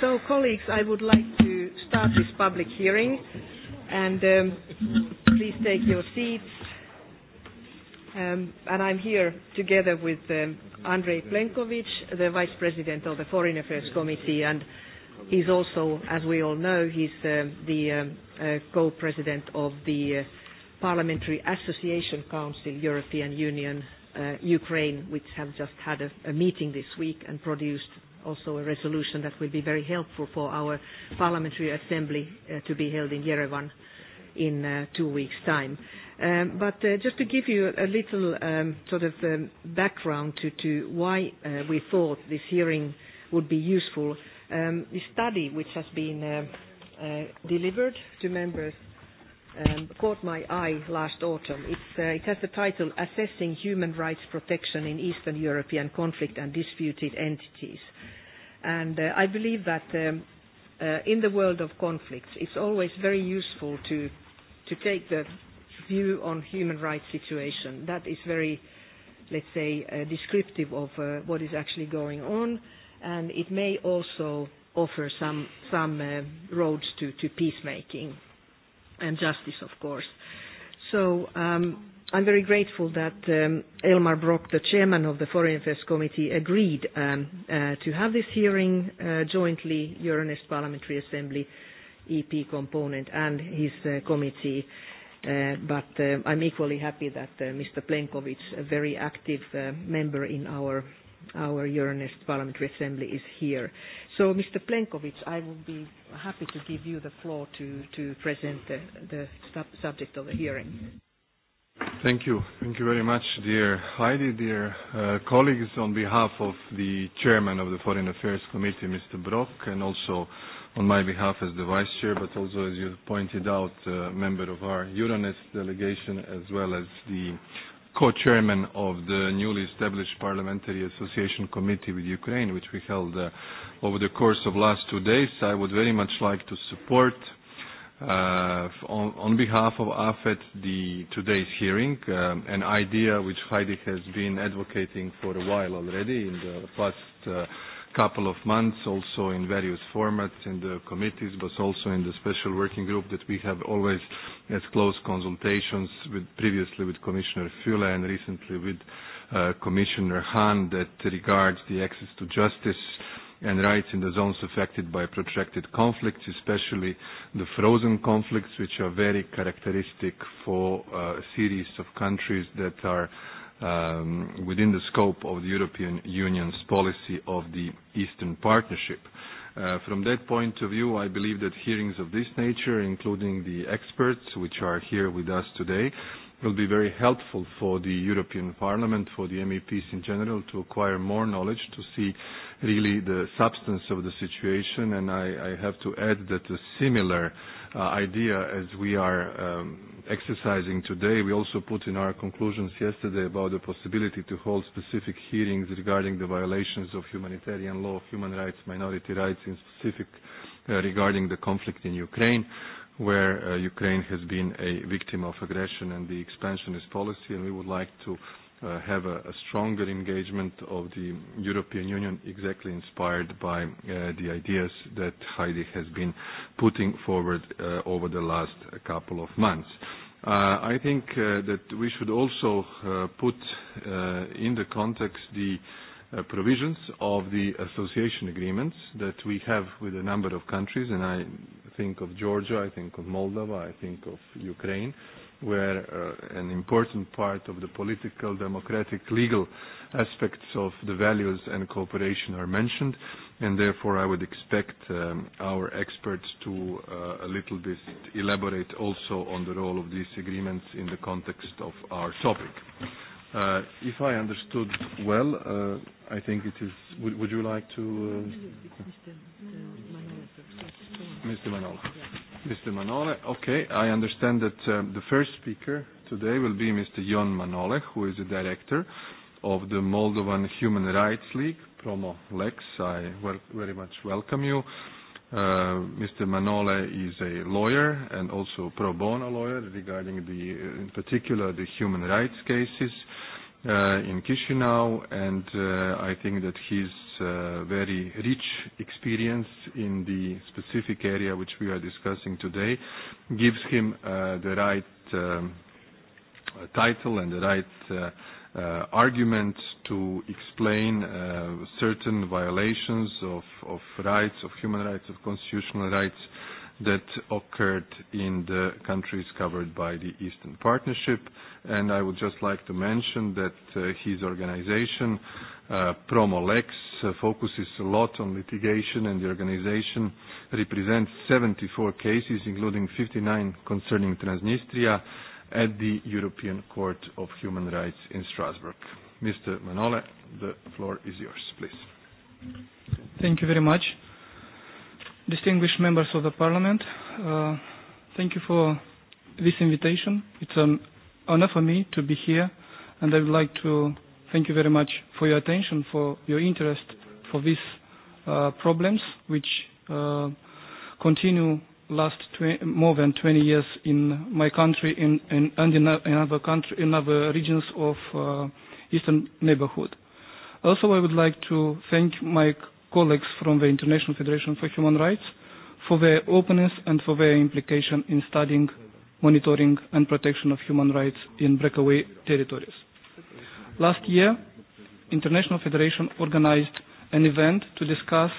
So, colleagues, I would like to start this public hearing, and please take your seats. Um, and I'm here together with um, Andrei Plenkovic, the Vice President of the Foreign Affairs Committee, and he's also, as we all know, he's the co-president of the Parliamentary Association Council, European Union, Ukraine, which have just had a meeting this week and produced also a resolution that will be very helpful for our parliamentary assembly to be held in Yerevan in two weeks' time. But just to give you a little sort of background to why we thought this hearing would be useful, the study which has been delivered to members caught my eye last autumn. It has the title Assessing Human Rights Protection in Eastern European Conflict and Disputed Entities. And I believe that in the world of conflicts, it's always very useful to to take the view on human rights situation. That is very, let's say, descriptive of what is actually going on, and it may also offer some some roads to to peacemaking and justice, of course. So um, I'm very grateful that um, Elmar Brock, the chairman of the Foreign Affairs Committee, agreed um, to have this hearing jointly, Euronest Parliamentary Assembly, EP component, and his committee. but I'm equally happy that Mr. Plenkovic, a very active member in our our Euronest Parliamentary Assembly is here. So, Mr. Plenkovic, I would be happy to give you the floor to, present the, subject of the hearing. Thank you. Thank you very much, dear Heidi, dear colleagues. On behalf of the chairman of the Foreign Affairs Committee, Mr. Brock, and also on my behalf as the vice chair, but also, as you pointed out, a member of our Uranus delegation, as well as the co-chairman of the newly established Parliamentary Association Committee with Ukraine, which we held over the course of last two days. I would very much like to support, on behalf of AFET, the today's hearing, an idea which Heidi has been advocating for a while already in the past couple of months, also in various formats in the committees, but also in the special working group that we have always as close consultations with previously with Commissioner Fule and recently with Commissioner Hahn that regards the access to justice and rights in the zones affected by protracted conflicts, especially the frozen conflicts, which are very characteristic for a series of countries that are within the scope of the European Union's policy of the Eastern Partnership. From that point of view, I believe that hearings of this nature, including the experts which are here with us today, will be very helpful for the European Parliament, for the MEPs in general, to acquire more knowledge, to see really the substance of the situation. And I have to add that a similar idea as we are exercising today. We also put in our conclusions yesterday about the possibility to hold specific hearings regarding the violations of humanitarian law, human rights, minority rights, in specific regarding the conflict in Ukraine, where Ukraine has been a victim of aggression and the expansionist policy, and we would like to have a stronger engagement of the European Union, exactly inspired by the ideas that Heidi has been putting forward over the last couple of months. I think that we should also put in the context the provisions of the association agreements that we have with a number of countries, and I think of Georgia, I think of Moldova, I think of Ukraine, where an important part of the political, democratic, legal aspects of the values and cooperation are mentioned, and therefore I would expect our experts to a little bit elaborate also on the role of these agreements in the context of our topic. Uh If I understood well, I think it is... Would you like to... Mr. Manol... Mr. Manole. Okay, I understand that the first speaker today will be Mr. Jon Manole, who is the director of the Moldovan Human Rights League, Promo Lex. I very much welcome you. Mr. Manole is a lawyer and also pro bono lawyer regarding the, in particular, the human rights cases in Chisinau, and I think that his very rich experience in the specific area which we are discussing today, gives him the right title and the right argument to explain certain violations of of rights, of human rights, of constitutional rights that occurred in the countries covered by the Eastern Partnership. And I would just like to mention that his organization Promolex focuses a lot on litigation and the organization represents 74 cases, including 59 concerning Transnistria, at the European Court of Human Rights in Strasbourg. Mr. Manole, the floor is yours, please. Thank you very much. Distinguished members of the Parliament, uh, thank you for this invitation. It's an honor for me to be here, and I would like to Thank you very much for your attention, for your interest for these uh, problems, which uh, continue last more than 20 years in my country in, in, and in, other country, in other regions of uh, Eastern neighborhood. Also, I would like to thank my colleagues from the International Federation for Human Rights for their openness and for their implication in studying, monitoring, and protection of human rights in breakaway territories. Last year, International Federation organized an event to discuss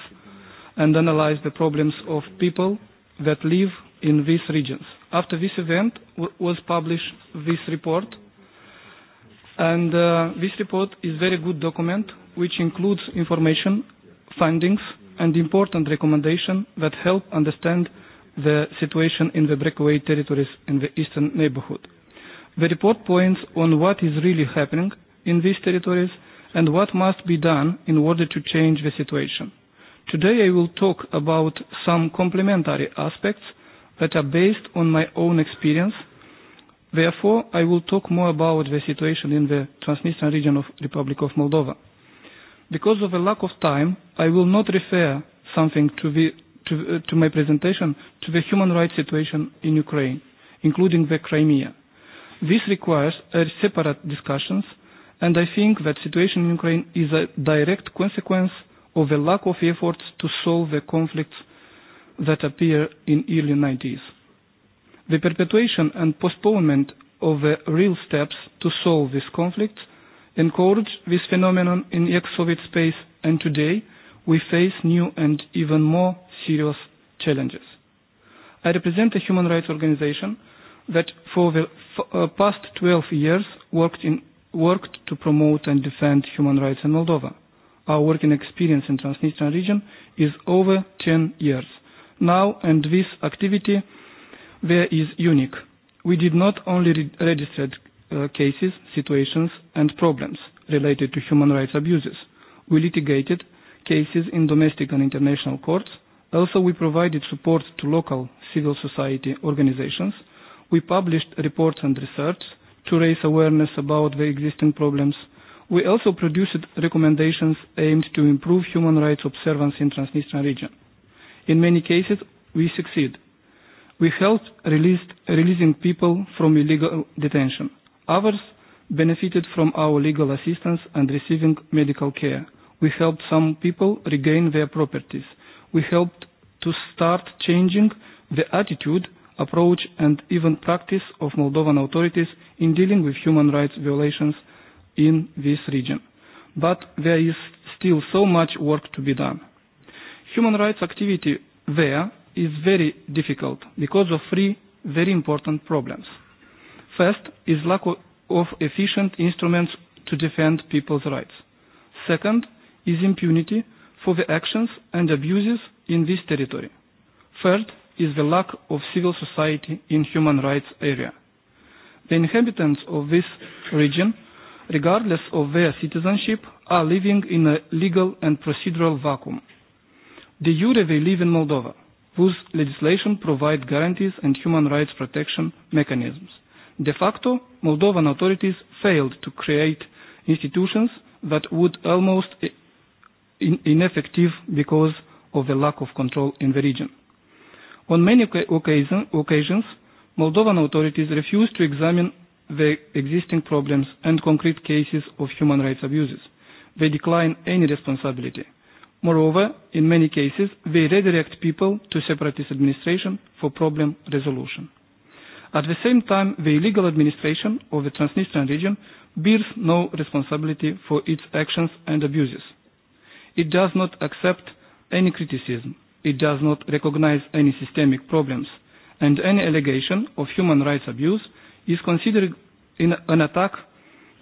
and analyze the problems of people that live in these regions. After this event was published this report, and this report is a very good document which includes information, findings, and important recommendations that help understand the situation in the breakaway territories in the eastern neighborhood. The report points on what is really happening in these territories and what must be done in order to change the situation. Today I will talk about some complementary aspects that are based on my own experience. Therefore, I will talk more about the situation in the Transnistrian region of the Republic of Moldova. Because of a lack of time, I will not refer something to the to, to my presentation to the human rights situation in Ukraine, including the Crimea. This requires a separate discussions and I think that the situation in Ukraine is a direct consequence of the lack of efforts to solve the conflicts that appear in the early 90s. The perpetuation and postponement of the real steps to solve this conflict encourage this phenomenon in the ex-Soviet space and today we face new and even more serious challenges. I represent a human rights organization that for the past 12 years worked in worked to promote and defend human rights in Moldova. Our working experience in Transnistrian region is over 10 years. Now and this activity there is unique. We did not only register cases, situations and problems related to human rights abuses. We litigated cases in domestic and international courts. Also we provided support to local civil society organizations. We published reports and research to raise awareness about the existing problems. We also produced recommendations aimed to improve human rights observance in Transnistrian region. In many cases, we succeed. We helped released, releasing people from illegal detention. Others benefited from our legal assistance and receiving medical care. We helped some people regain their properties. We helped to start changing the attitude approach and even practice of Moldovan authorities in dealing with human rights violations in this region. But there is still so much work to be done. Human rights activity there is very difficult because of three very important problems. First is lack of efficient instruments to defend people's rights. Second is impunity for the actions and abuses in this territory. Third is the lack of civil society in human rights area. The inhabitants of this region, regardless of their citizenship, are living in a legal and procedural vacuum. The jure they live in Moldova, whose legislation provides guarantees and human rights protection mechanisms. De facto, Moldovan authorities failed to create institutions that would almost ineffective because of the lack of control in the region. On many occasions, Moldovan authorities refuse to examine the existing problems and concrete cases of human rights abuses. They decline any responsibility. Moreover, in many cases, they redirect people to separatist administration for problem resolution. At the same time, the illegal administration of the Transnistrian region bears no responsibility for its actions and abuses. It does not accept any criticism It does not recognize any systemic problems, and any allegation of human rights abuse is considered an attack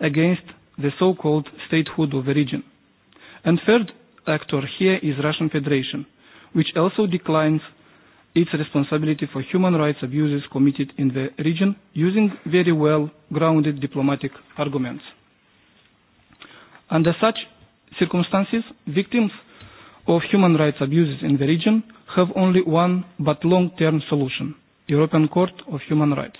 against the so-called statehood of the region. And third actor here is Russian Federation, which also declines its responsibility for human rights abuses committed in the region using very well grounded diplomatic arguments. Under such circumstances, victims of human rights abuses in the region have only one but long-term solution, European Court of Human Rights.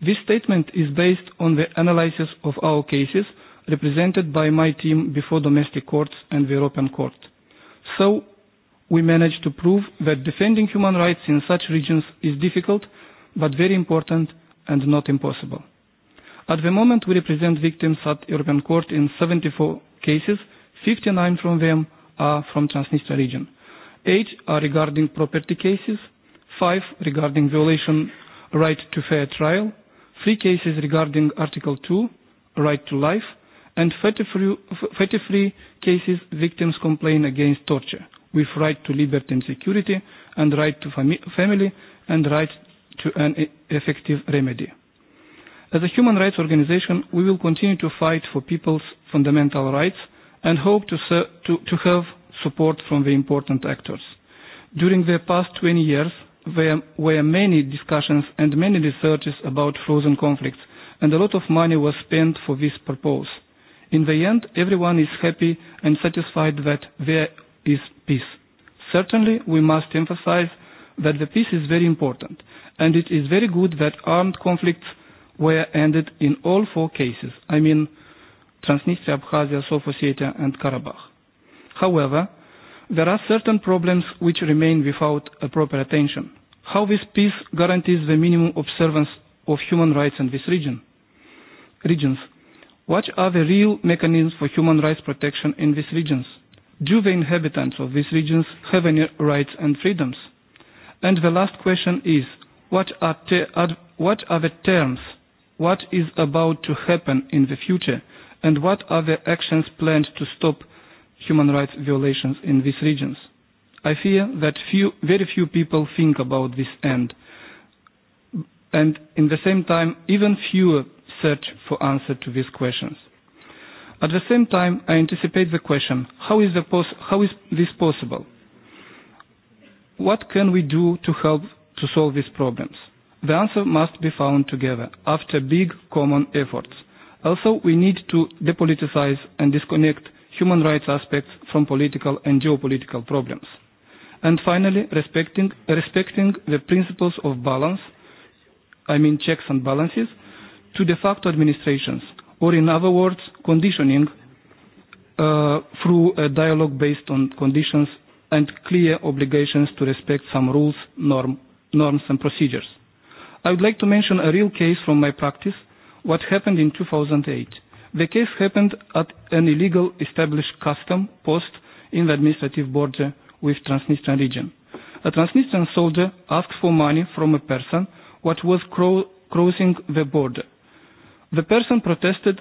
This statement is based on the analysis of our cases represented by my team before domestic courts and the European Court. So, we managed to prove that defending human rights in such regions is difficult, but very important and not impossible. At the moment, we represent victims at European Court in 74 cases, 59 from them are from Transnistria region. Eight are regarding property cases, five regarding violation right to fair trial, three cases regarding Article 2, right to life, and 33 cases victims complain against torture, with right to liberty and security, and right to family, and right to an effective remedy. As a human rights organization, we will continue to fight for people's fundamental rights and hope to have support from the important actors. During the past 20 years, there were many discussions and many researches about frozen conflicts, and a lot of money was spent for this purpose. In the end, everyone is happy and satisfied that there is peace. Certainly, we must emphasize that the peace is very important, and it is very good that armed conflicts were ended in all four cases. I mean, Transnistria, Abkhazia, South Ossetia, and Karabakh. However, there are certain problems which remain without a proper attention. How this peace guarantees the minimum observance of human rights in this region? regions? What are the real mechanisms for human rights protection in these regions? Do the inhabitants of these regions have any rights and freedoms? And the last question is, what are, what are the terms? What is about to happen in the future and what are the actions planned to stop human rights violations in these regions? I fear that few, very few people think about this end, and in the same time, even fewer search for answers to these questions. At the same time, I anticipate the question, how is, the how is this possible? What can we do to help to solve these problems? The answer must be found together, after big common efforts Also, we need to depoliticize and disconnect human rights aspects from political and geopolitical problems. And finally, respecting the principles of balance, I mean checks and balances, to de facto administrations, or in other words, conditioning through a dialogue based on conditions and clear obligations to respect some rules, norms and procedures. I would like to mention a real case from my practice what happened in 2008. The case happened at an illegal established custom post in the administrative border with Transnistrian region. A Transnistrian soldier asked for money from a person what was crossing the border. The person protested,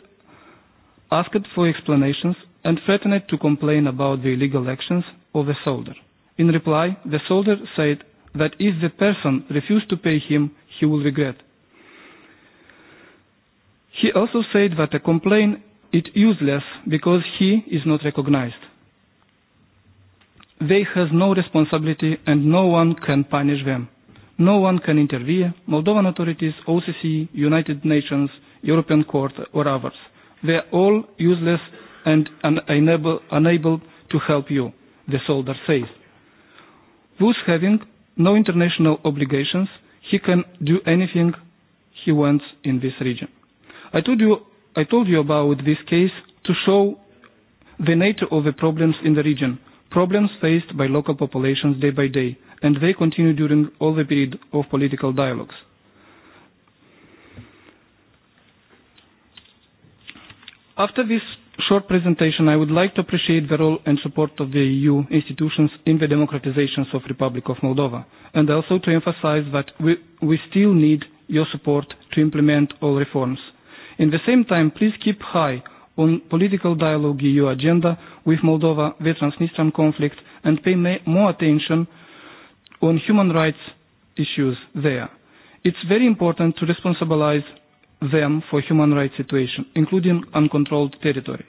asked for explanations, and threatened to complain about the illegal actions of the soldier. In reply, the soldier said that if the person refused to pay him, he will regret He also said that a complaint is useless because he is not recognized. They have no responsibility and no one can punish them. No one can intervene, Moldovan authorities, OCC, United Nations, European Court or others. They are all useless and unable, unable to help you, the soldier says. Thus having no international obligations, he can do anything he wants in this region. I told you I told you about this case to show the nature of the problems in the region, problems faced by local populations day by day, and they continue during all the period of political dialogues. After this short presentation, I would like to appreciate the role and support of the EU institutions in the democratizations of the Republic of Moldova, and also to emphasize that we, we still need your support to implement all reforms In the same time, please keep high on political dialogue EU agenda with Moldova, the Transnistrian conflict, and pay more attention on human rights issues there. It's very important to responsabilize them for human rights situation, including uncontrolled territory.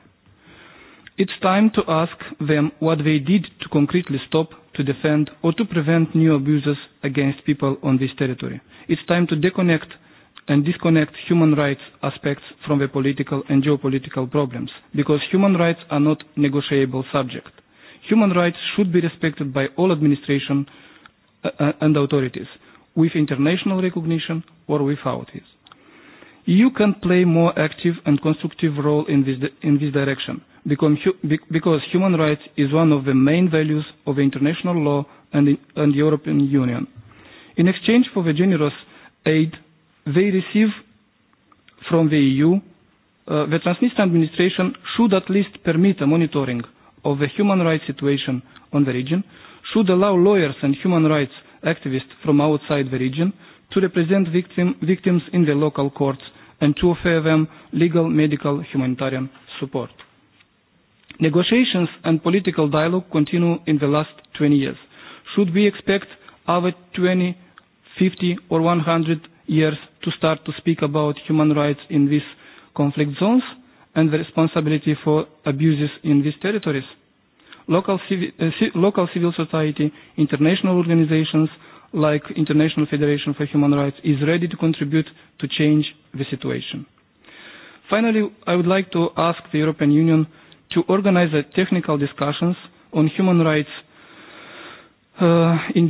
It's time to ask them what they did to concretely stop, to defend, or to prevent new abuses against people on this territory. It's time to deconnect and disconnect human rights aspects from the political and geopolitical problems, because human rights are not negotiable subject. Human rights should be respected by all administration and authorities, with international recognition or without it. EU can play more active and constructive role in this in this direction, because human rights is one of the main values of international law and the European Union. In exchange for the generous aid they receive from the EU, the Transnistria administration should at least permit a monitoring of the human rights situation on the region, should allow lawyers and human rights activists from outside the region to represent victims in the local courts and to offer them legal, medical, humanitarian support. Negotiations and political dialogue continue in the last 20 years. Should we expect other 20, 50 or 100 years to start to speak about human rights in these conflict zones and the responsibility for abuses in these territories. Local civil society, international organizations like International Federation for Human Rights is ready to contribute to change the situation. Finally, I would like to ask the European Union to organize technical discussions on human rights in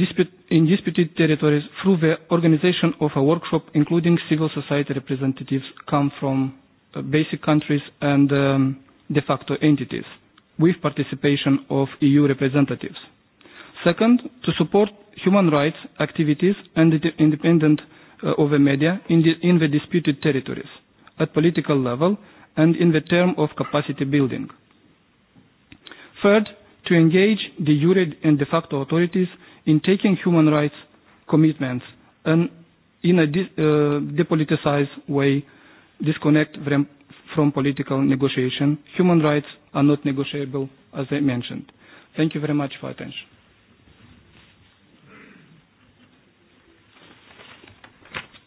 disputed territories through the organization of a workshop including civil society representatives come from basic countries and de facto entities with participation of EU representatives. Second, to support human rights activities and independent of the media in the disputed territories at political level and in the term of capacity building. Third, to engage the jure and de facto authorities in taking human rights commitments and in a depoliticized way disconnect from political negotiation. Human rights are not negotiable, as I mentioned. Thank you very much for attention.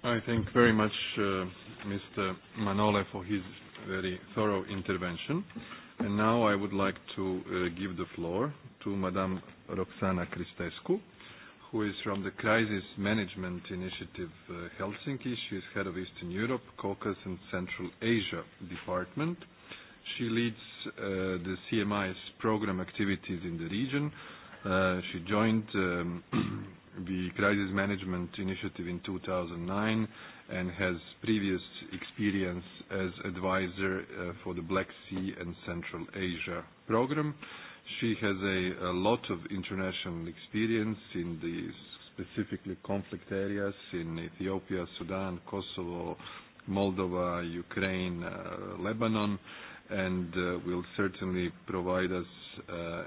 I thank very much Mr. Manole for his very thorough intervention. And now I would like to give the floor to Madam Roxana Cristescu, who is from the Crisis Management Initiative Helsinki. She is head of Eastern Europe, Caucasus and Central Asia Department. She leads the CMI's program activities in the region. She joined the Crisis Management Initiative in 2009 and has previous experience as advisor for the Black Sea and Central Asia program. She has a lot of international experience in the specifically conflict areas in Ethiopia, Sudan, Kosovo, Moldova, Ukraine, Lebanon, and will certainly provide us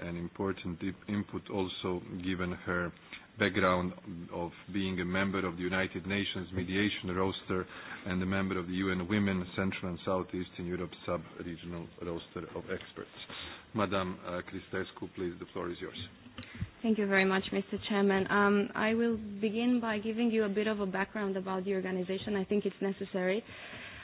an important input also given her background of being a member of the United Nations mediation roster and a member of the UN Women Central and Southeastern Europe sub-regional roster of experts. Madam Christescu, please, the floor is yours. Thank you very much, Mr. Chairman. Um, I will begin by giving you a bit of a background about the organization. I think it's necessary.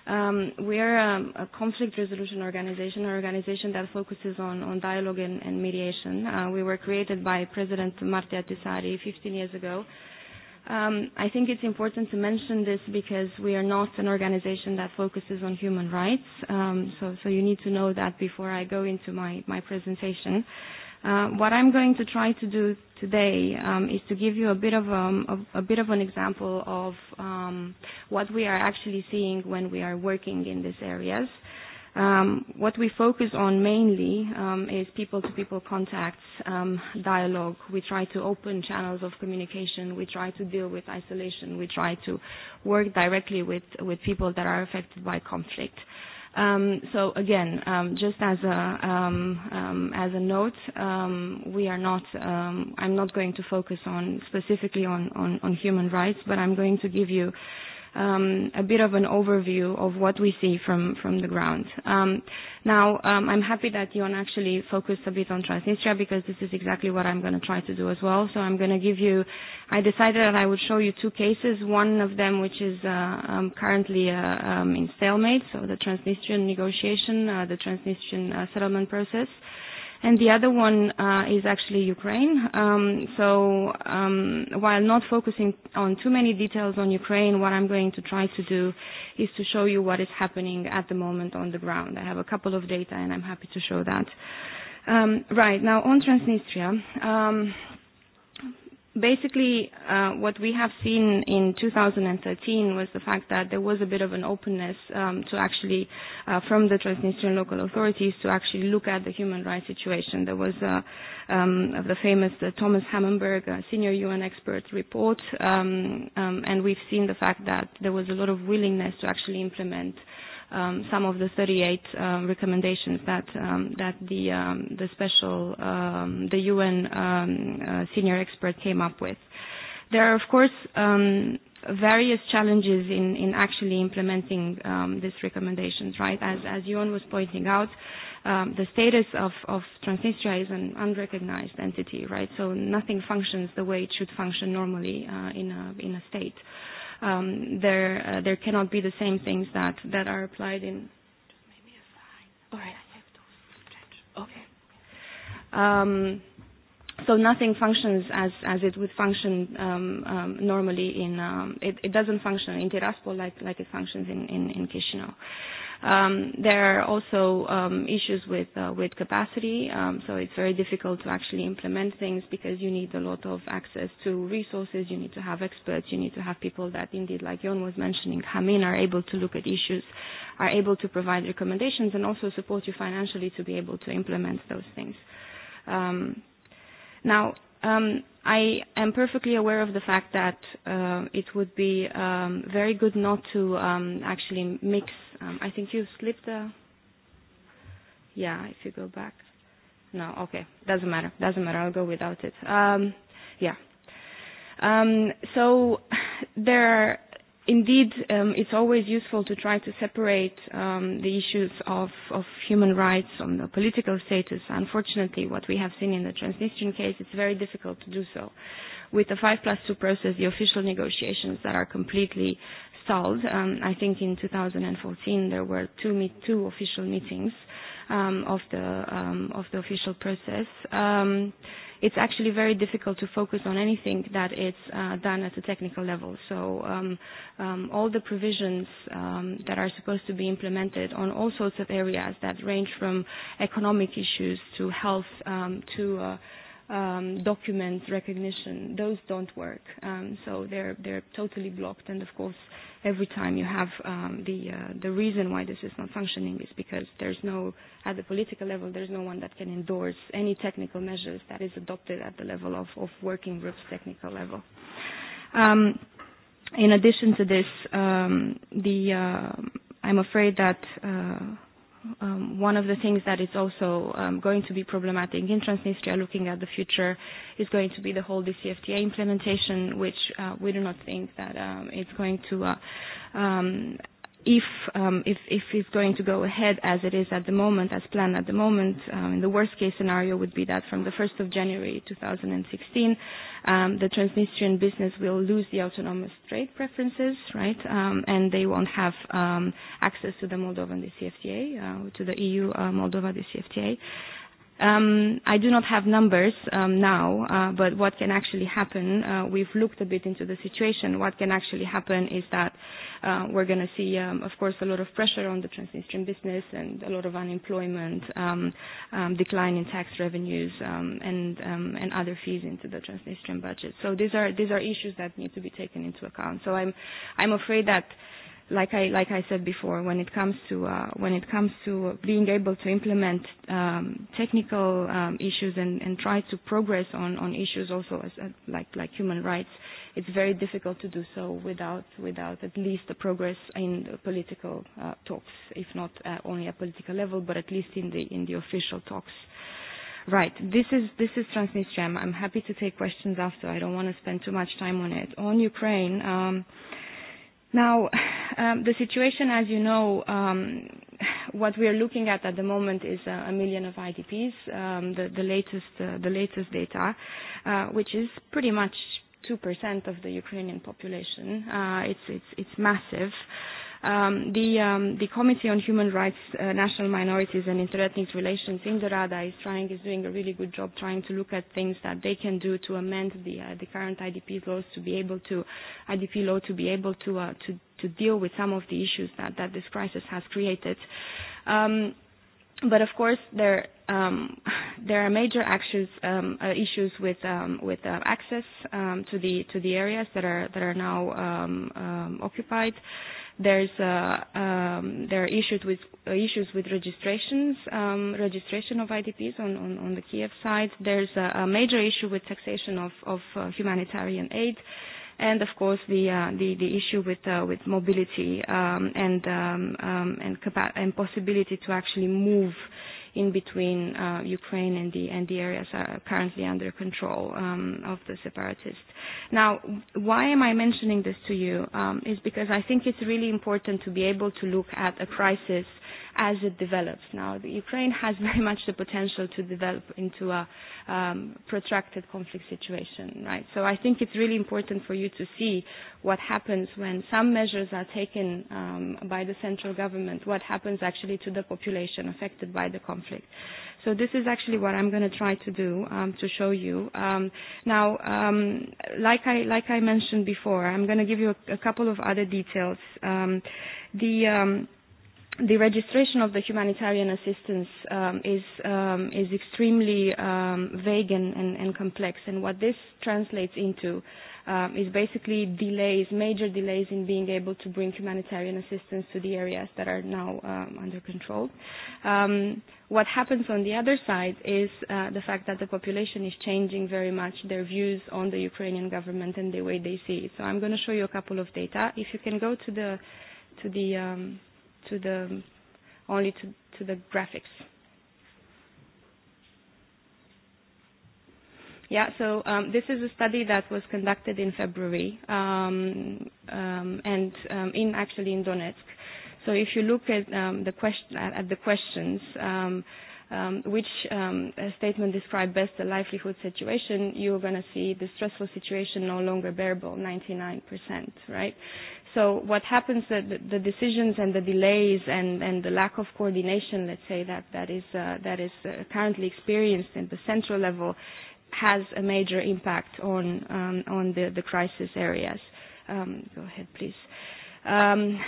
Um, are um, a conflict resolution organization, an organization that focuses on, on dialogue and, and mediation. Uh, we were created by President Marti Atisari 15 years ago. Um, I think it's important to mention this because we are not an organization that focuses on human rights. Um, so, so you need to know that before I go into my, my presentation. What I'm going to try to do today um is to give you a bit of um a bit of an example of um what we are actually seeing when we are working in these areas. Um What we focus on mainly um is people-to-people contacts, um dialogue. We try to open channels of communication. We try to deal with isolation. We try to work directly with with people that are affected by conflict. Um, so again, um, just as a um, um, as a note, um, we are not. Um, I'm not going to focus on specifically on, on, on human rights, but I'm going to give you um, a bit of an overview of what we see from, from the ground. Um, now, um, I'm happy that Yon actually focused a bit on Transnistria because this is exactly what I'm going to try to do as well. So I'm going to give you, I decided that I would show you two cases, one of them which is uh, um, currently uh, um, in stalemate, so the Transnistrian negotiation, the Transnistrian settlement process, And the other one uh is actually Ukraine. So while not focusing on too many details on Ukraine, what I'm going to try to do is to show you what is happening at the moment on the ground. I have a couple of data and I'm happy to show that. Right, now on Transnistria. Basically, what we have seen in 2013 was the fact that there was a bit of an openness to actually, from the Transnistrian local authorities, to actually look at the human rights situation. There was the famous Thomas Hammenberg senior UN expert report, and we've seen the fact that there was a lot of willingness to actually implement um, some of the 38 um, recommendations that um, that the um, the special um, the UN um, uh, senior expert came up with. There are of course um, various challenges in in actually implementing um, these recommendations. Right, as as Yuan was pointing out, um, the status of of Transnistria is an unrecognized entity. Right, so nothing functions the way it should function normally in a in a state um, there there cannot be the same things that that are applied in. All right. Okay. Um, so nothing functions as as it would function um, um, normally in um, it, it doesn't function in Tiraspol like like it functions in in, in Chisinau. Um, there are also um, issues with uh, with capacity, um, so it's very difficult to actually implement things because you need a lot of access to resources. You need to have experts. You need to have people that, indeed, like Jon was mentioning, come in, are able to look at issues, are able to provide recommendations, and also support you financially to be able to implement those things. Um, now, Um, I am perfectly aware of the fact that uh, it would be um, very good not to um, actually mix. Um, I think you slipped the. Yeah, if you go back. No, okay, doesn't matter. Doesn't matter. I'll go without it. Um, yeah. Um, so there are Indeed, it's always useful to try to separate the issues of of human rights from the political status. Unfortunately, what we have seen in the Transnistrian case, it's very difficult to do so. With the 5 plus 2 process, the official negotiations that are completely stalled. Um I think in 2014 there were two meet two official meetings of the of the official process. It's actually very difficult to focus on anything that is done at the technical level. So all the provisions that are supposed to be implemented on all sorts of areas that range from economic issues to health to um, document recognition. Those don't work, um, so they're they're totally blocked. And of course, every time you have um, the the reason why this is not functioning is because there's no at the political level there's no one that can endorse any technical measures that is adopted at the level of of working groups technical level. Um, in addition to this, um, the uh, I'm afraid that. Uh, One of the things that is also going to be problematic in Transnistria, looking at the future, is going to be the whole DCFTA implementation, which we do not think that it's going to if if it's going to go ahead as it is at the moment, as planned at the moment, the worst-case scenario would be that from the 1st of January 2016, the Transnistrian business will lose the autonomous trade preferences, right, and they won't have access to the Moldovan DCFTA, to the EU-Moldova DCFTA. Um, I do not have numbers um, now, but what can actually happen, uh, we've looked a bit into the situation. What can actually happen is that we're going to see, of course, a lot of pressure on the Transnistrian business and a lot of unemployment, decline in tax revenues, and and other fees into the Transnistrian budget. So these are these are issues that need to be taken into account. So I'm I'm afraid that like I like I said before, when it comes to uh, when it comes to being able to implement um, technical um, issues and, and try to progress on, on issues also as, like like human rights, it's very difficult to do so without without at least the progress in the political talks, if not only at political level, but at least in the in the official talks. Right. This is this is Transnistria. I'm happy to take questions after. I don't want to spend too much time on it. On Ukraine, um, now um, the situation, as you know. Um, what we are looking at at the moment is a million of IDPs, um, the, the latest the latest data, which is pretty much 2% of the Ukrainian population. It's it's it's massive. The the Committee on Human Rights, National Minorities and Interethnic Relations in the Rada is trying is doing a really good job trying to look at things that they can do to amend the the current IDP laws to be able to IDP law to be able to to to deal with some of the issues that that this crisis has created. Um But of course, there um, there are major actions, um, issues with um, with access um, to the to the areas that are that are now um, um, occupied. There's uh, um, there are issues with issues with registrations, um, registration of IDPs on, on, on the Kiev side. There's a, a major issue with taxation of of humanitarian aid and of course the the the issue with with mobility um, and um, and possibility to actually move in between uh, Ukraine and the and the areas are currently under control um, of the separatists. Now, why am I mentioning this to you? Um, is because I think it's really important to be able to look at a crisis as it develops. Now, the Ukraine has very much the potential to develop into a um, protracted conflict situation, right? So I think it's really important for you to see what happens when some measures are taken um, by the central government, what happens actually to the population affected by the conflict. So this is actually what I'm going to try to do um, to show you. Um, now, um, like I like I mentioned before, I'm going to give you a, a couple of other details. Um, the um, the registration of the humanitarian assistance um, is um, is extremely um, vague and, and, complex, and what this translates into um, is basically delays, major delays in being able to bring humanitarian assistance to the areas that are now um, under control. Um, what happens on the other side is the fact that the population is changing very much their views on the Ukrainian government and the way they see it. So I'm going to show you a couple of data. If you can go to the to the um, to the only to to the graphics. Yeah, so um, this is a study that was conducted in February, um, um, and um, in actually in Donetsk. So if you look at um, the question at the questions, um, um, which um, statement described best the livelihood situation, you're going to see the stressful situation no longer bearable, 99%, right? So what happens that the decisions and the delays and, and the lack of coordination, let's say that that is that is currently experienced at the central level, has a major impact on on the the crisis areas. Um, go ahead, please. Um,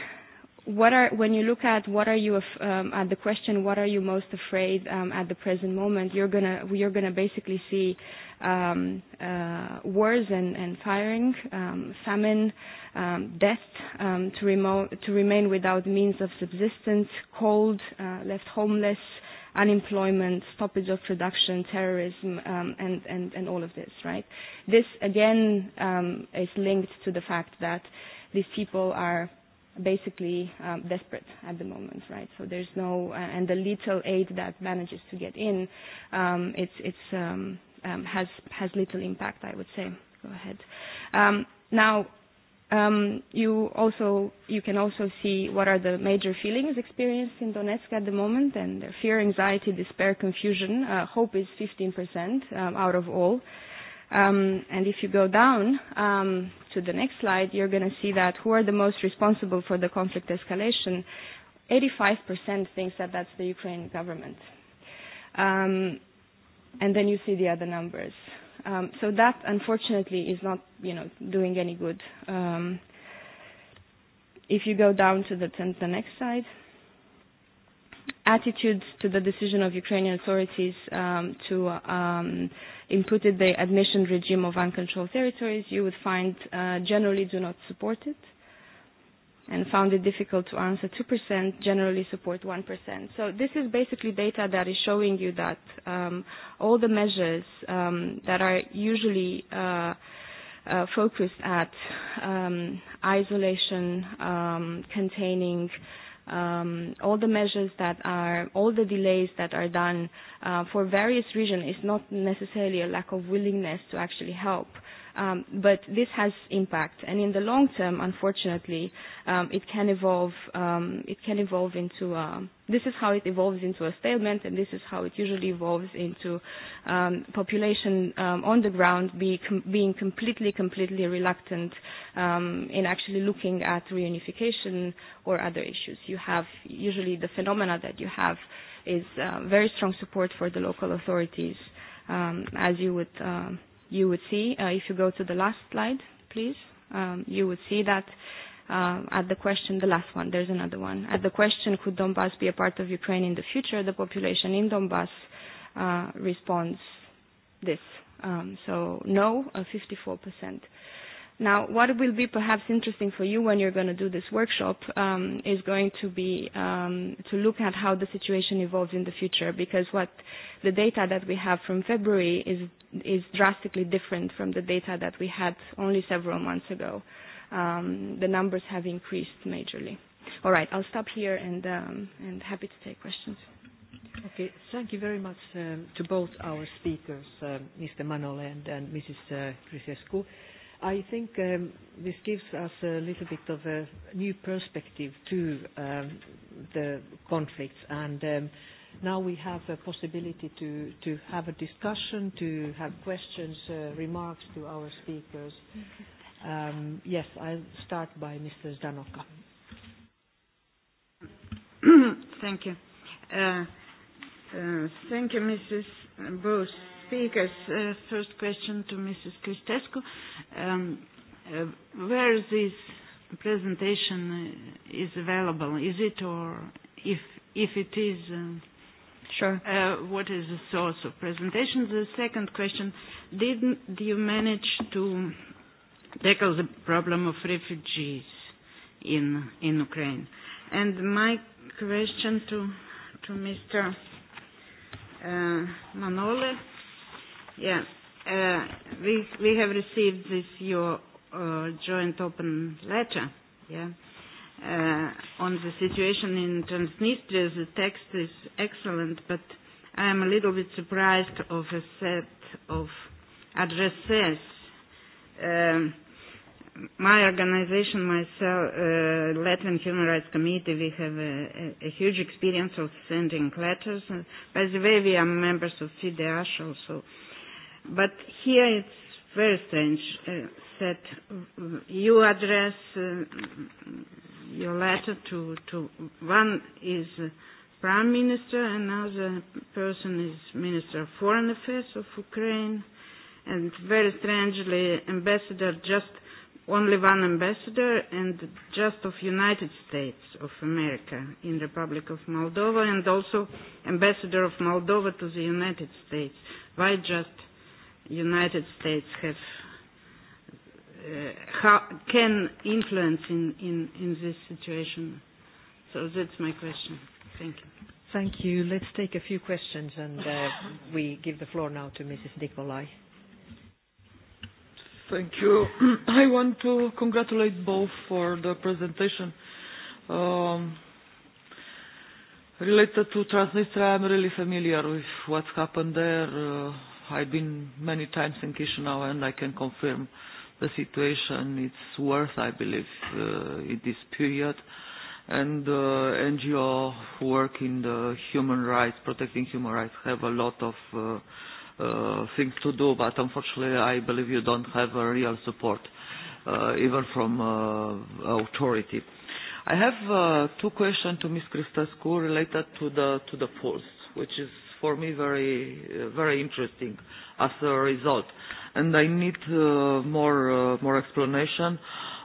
what are when you look at what are you um, at the question what are you most afraid um, at the present moment you're gonna you're gonna basically see um, uh, wars and, and firing um, famine um, death um, to, to remain without means of subsistence cold uh, left homeless unemployment, stoppage of production, terrorism, um, and, and, and all of this, right? This, again, um, is linked to the fact that these people are basically um, desperate at the moment, right? So there's no, and the little aid that manages to get in, um, it's, it's, um, um, has, has little impact, I would say. Go ahead. Um, now, um, you also, you can also see what are the major feelings experienced in Donetsk at the moment, and their fear, anxiety, despair, confusion. Uh, hope is 15% um, out of all. Um, and if you go down, um, to the next slide, you're going to see that who are the most responsible for the conflict escalation. 85% thinks that that's the Ukrainian government. Um, and then you see the other numbers. Um, so that, unfortunately, is not, you know, doing any good. Um, if you go down to the, the next slide, attitudes to the decision of Ukrainian authorities um, to um, inputted the admission regime of uncontrolled territories, you would find generally do not support it and found it difficult to answer 2%, generally support 1%. So this is basically data that is showing you that um, all the measures um, that are usually uh, focused at um, isolation, um, containing um, all the measures that are, all the delays that are done for various reasons is not necessarily a lack of willingness to actually help Um, but this has impact, and in the long term, unfortunately, um, it can evolve. Um, it can evolve into. this is how it evolves into a stalemate, and this is how it usually evolves into um, population um, on the ground being completely, completely reluctant um, in actually looking at reunification or other issues. You have usually the phenomena that you have is very strong support for the local authorities, um, as you would you would see, if you go to the last slide, please, um you would see that at the question, the last one, there's another one. At the question, could Donbass be a part of Ukraine in the future, the population in Donbass responds this. Um So no, 54%. Now, what will be perhaps interesting for you when you're going to do this workshop um, is going to be um, to look at how the situation evolves in the future, because what the data that we have from February is is drastically different from the data that we had only several months ago. Um, the numbers have increased majorly. All right, I'll stop here and um, and happy to take questions. Okay, thank you very much um, to both our speakers, Mr. Manole and, Mrs. Uh, I think this gives us a little bit of a new perspective to the conflicts, and now we have a possibility to to have a discussion, to have questions, remarks to our speakers. Yes, I'll start by Mr. Zdanoka. Thank you. Thank you, Mrs. Bruce speakers. First question to Mrs. Christescu. Where this presentation is available? Is it or if if it is? Sure. What is the source of presentation? The second question: Did you manage to tackle the problem of refugees in in Ukraine? And my question to to Mr. Manole Yeah. Uh, we, we have received this your uh, joint open letter. Yeah. Uh, on the situation in Transnistria, the text is excellent, but I am a little bit surprised of a set of addresses. Um, my organization, myself, uh, Latvian Human Rights Committee, we have a, a, huge experience of sending letters. And by the way, we are members of CDH also. But here it's very strange that you address your letter to, to one is prime minister, another person is minister of foreign affairs of Ukraine, and very strangely ambassador just only one ambassador and just of United States of America in Republic of Moldova and also ambassador of Moldova to the United States. Why just United States have how can influence in in in this situation. So that's my question. Thank you. Thank you. Let's take a few questions and we give the floor now to Mrs. Nicolai. Thank you. I want to congratulate both for the presentation. Um, related to Transnistria, I'm really familiar with what's happened there. I've been many times in Chisinau and I can confirm the situation. It's worse, I believe, in this period. And NGO who work in the human rights, protecting human rights, have a lot of things to do, but unfortunately I believe you don't have a real support, even from authority. I have two questions to Ms. Christescu related to the to the polls, which is for me very very interesting as a result. And I need more more explanation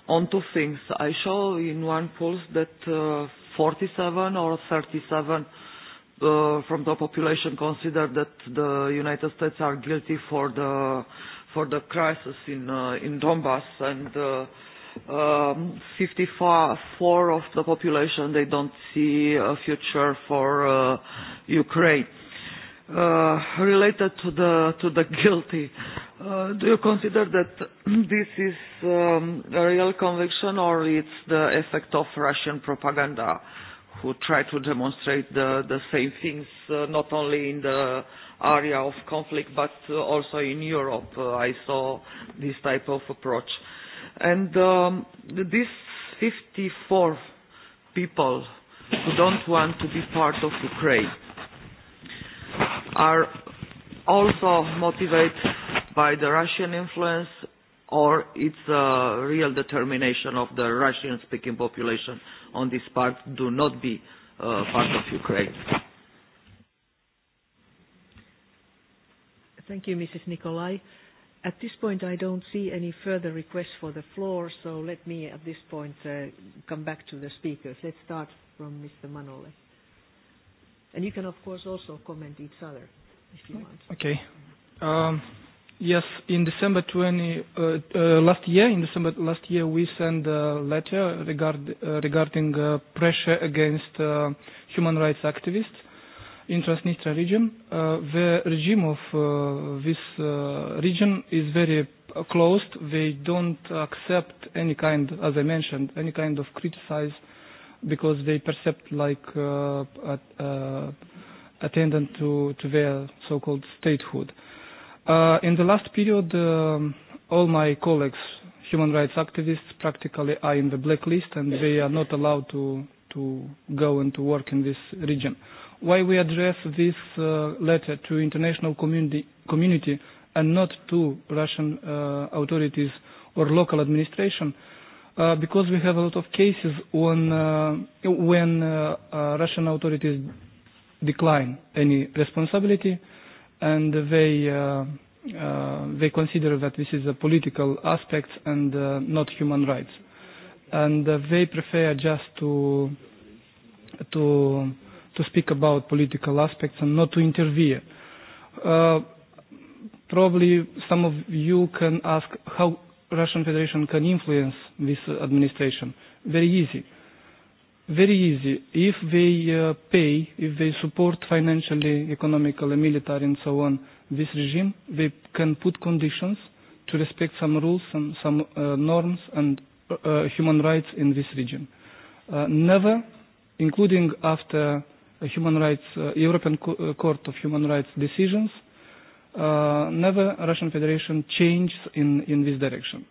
on two things. I show in one poll that 47 or 37 from the population consider that the United States are guilty for the for the crisis in in Donbass and 54 of the population they don't see a future for Ukraine related to the to the guilty. Do you consider that this is a real conviction or it's the effect of Russian propaganda who try to demonstrate the the same things not only in the area of conflict but also in Europe? I saw this type of approach. And these 54 people who don't want to be part of Ukraine are also motivated by the Russian influence or its a real determination of the Russian-speaking population on this part do not be part of Ukraine. Thank you, Mrs. Nikolai. At this point, I don't see any further requests for the floor, so let me, at this point, come back to the speakers. Let's start from Mr. Manole. And you can, of course, also comment each other if you want. Okay. Um, yes, in December 20, last year, in December last year, we sent a letter regarding pressure against human rights activists in Transnistria region. the regime of this region is very closed. They don't accept any kind, as I mentioned, any kind of criticism because they perceive like uh, uh, attendant to, to their so-called statehood. Uh, in the last period, all my colleagues, human rights activists, practically are in the blacklist and they are not allowed to, to go and to work in this region. Why we address this uh, letter to international community, community and not to Russian uh, authorities or local administration because we have a lot of cases when Russian authorities decline any responsibility and they uh, they consider that this is a political aspect and not human rights and they prefer just to to to speak about political aspects and not to intervene. uh, probably some of you can ask how Russian Federation can influence this administration? Very easy. Very easy. If they pay, if they support financially, economically, military and so on this regime, they can put conditions to respect some rules, some, some norms and human rights in this region. never, including after human rights, European Court of Human Rights decisions, never Russian Federation changes in, in this direction.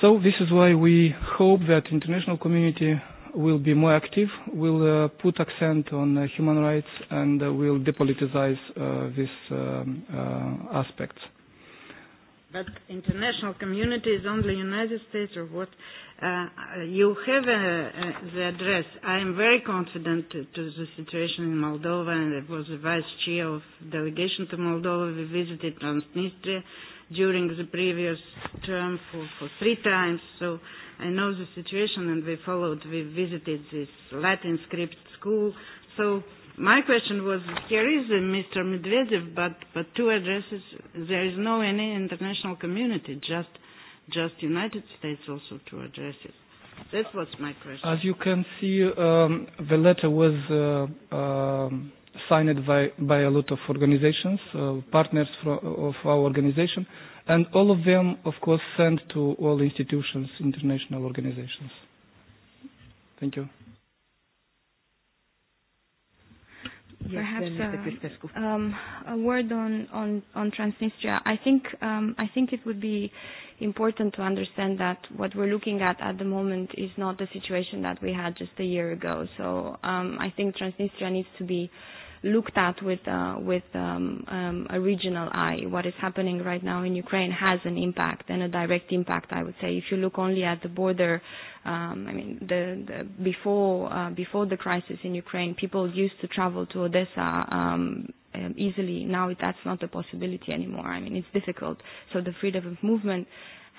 So this is why we hope that international community will be more active, will put accent on human rights and will depoliticize these aspects. But international community is only United States or what? You have the address. I am very confident to the situation in Moldova, and it was the vice chair of delegation to Moldova. We visited Transnistria during the previous term for, for three times, so I know the situation, and we followed. We visited this Latin script school. So my question was, here is Mr. Medvedev, but but two addresses. There is no any international community, just just United States also to address it. That was my question. As you can see, um, the letter was uh, signed by, by a lot of organizations, uh, partners of our organization, and all of them, of course, sent to all institutions, international organizations. Thank you. Perhaps a word on on on Transnistria. I think um I think it would be important to understand that what we're looking at at the moment is not the situation that we had just a year ago. So um I think Transnistria needs to be looked at with with a regional eye. What is happening right now in Ukraine has an impact and a direct impact, I would say. If you look only at the border, I mean, the before before the crisis in Ukraine, people used to travel to Odessa easily. Now that's not a possibility anymore. I mean, it's difficult. So the freedom of movement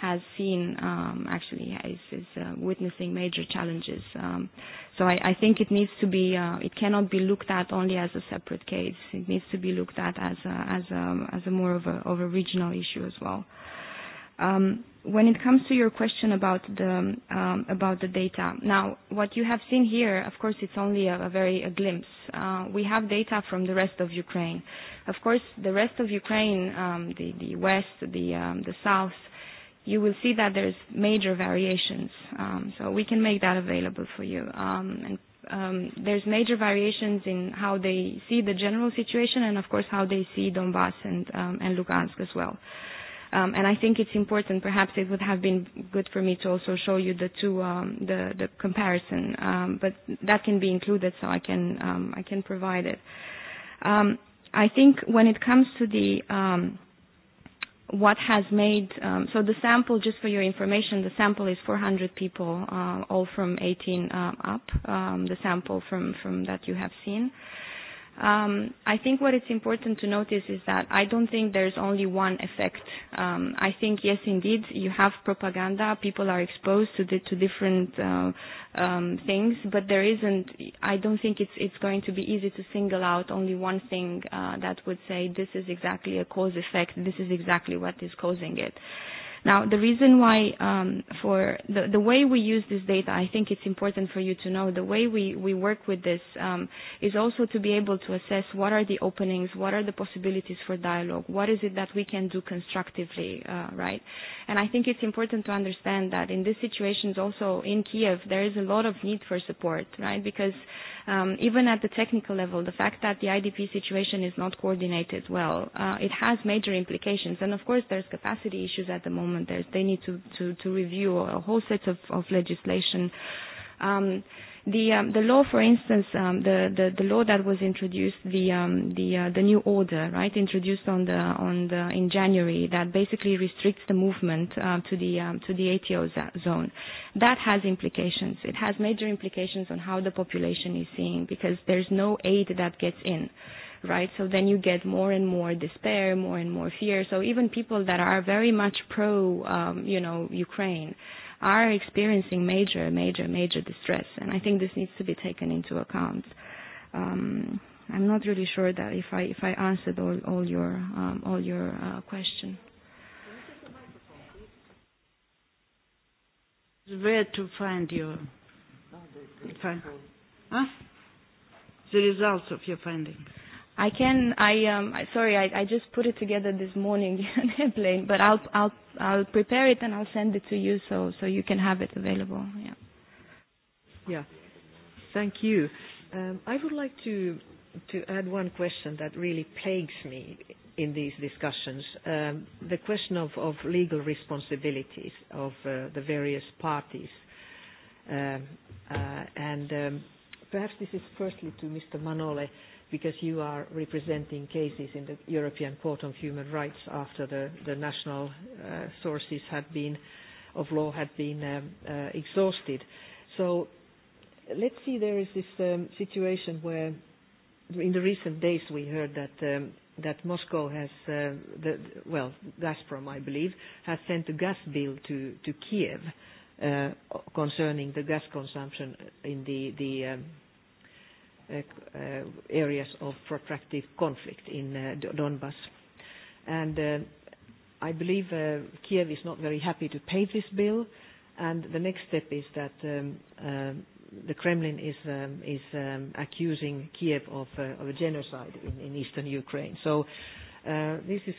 has seen um, actually is, is uh, witnessing major challenges. Um, so I, I think it needs to be, uh, it cannot be looked at only as a separate case. It needs to be looked at as a, as a, as a more of a, of a regional issue as well. Um, when it comes to your question about the um, about the data, now what you have seen here, of course, it's only a, a very a glimpse. Uh, we have data from the rest of Ukraine. Of course, the rest of Ukraine, um, the the west, the um, the south, you will see that there's major variations. Um, so we can make that available for you. Um, and um, there's major variations in how they see the general situation and, of course, how they see Donbass and, um, and Lugansk as well. Um, and I think it's important. Perhaps it would have been good for me to also show you the two, um, the, the comparison. Um, but that can be included, so I can, um, I can provide it. Um, I think when it comes to the um, what has made so the sample just for your information the sample is 400 people all from 18 up the sample from from that you have seen Um, I think what it's important to notice is that I don't think there's only one effect. Um, I think, yes, indeed, you have propaganda. People are exposed to, the, to different uh, um, things, but there isn't, I don't think it's, it's going to be easy to single out only one thing uh, that would say this is exactly a cause effect, this is exactly what is causing it. Now, the reason why um, for the, the way we use this data, I think it's important for you to know the way we, we work with this um, is also to be able to assess what are the openings, what are the possibilities for dialogue, what is it that we can do constructively, uh, right? And I think it's important to understand that in these situations also in Kiev, there is a lot of need for support, right? Because even at the technical level, the fact that the IDP situation is not coordinated well, uh it has major implications. And of course, there's capacity issues at the moment. There's, they need to, to, to review a whole set of, of legislation. Um, The the law, for instance, um, the, the the law that was introduced, the um, the uh, the new order, right, introduced on the on the in January, that basically restricts the movement um, to the um, to the ATO zone. That has implications. It has major implications on how the population is seeing because there's no aid that gets in right? So then you get more and more despair, more and more fear. So even people that are very much pro, um, you know, Ukraine, are experiencing major, major, major distress. And I think this needs to be taken into account. Um, I'm not really sure that if I if I answered all all your um, all your uh, question. Where to find your Huh? the results of your findings? I can I um sorry I I just put it together this morning on airplane but I'll I'll I'll prepare it and I'll send it to you so so you can have it available yeah yeah thank you um I would like to to add one question that really plagues me in these discussions um the question of of legal responsibilities of the various parties um and um perhaps this is firstly to Mr Manole because you are representing cases in the European Court of Human Rights after the, the national sources had been, of law had been exhausted. So let's see, there is this situation where in the recent days we heard that that Moscow has, the, well, Gazprom, I believe, has sent a gas bill to, to Kiev concerning the gas consumption in the, the areas of protracted conflict in Donbas. And I believe Kiev is not very happy to pay this bill, and the next step is that the Kremlin is is accusing Kiev of of a genocide in eastern Ukraine. So this is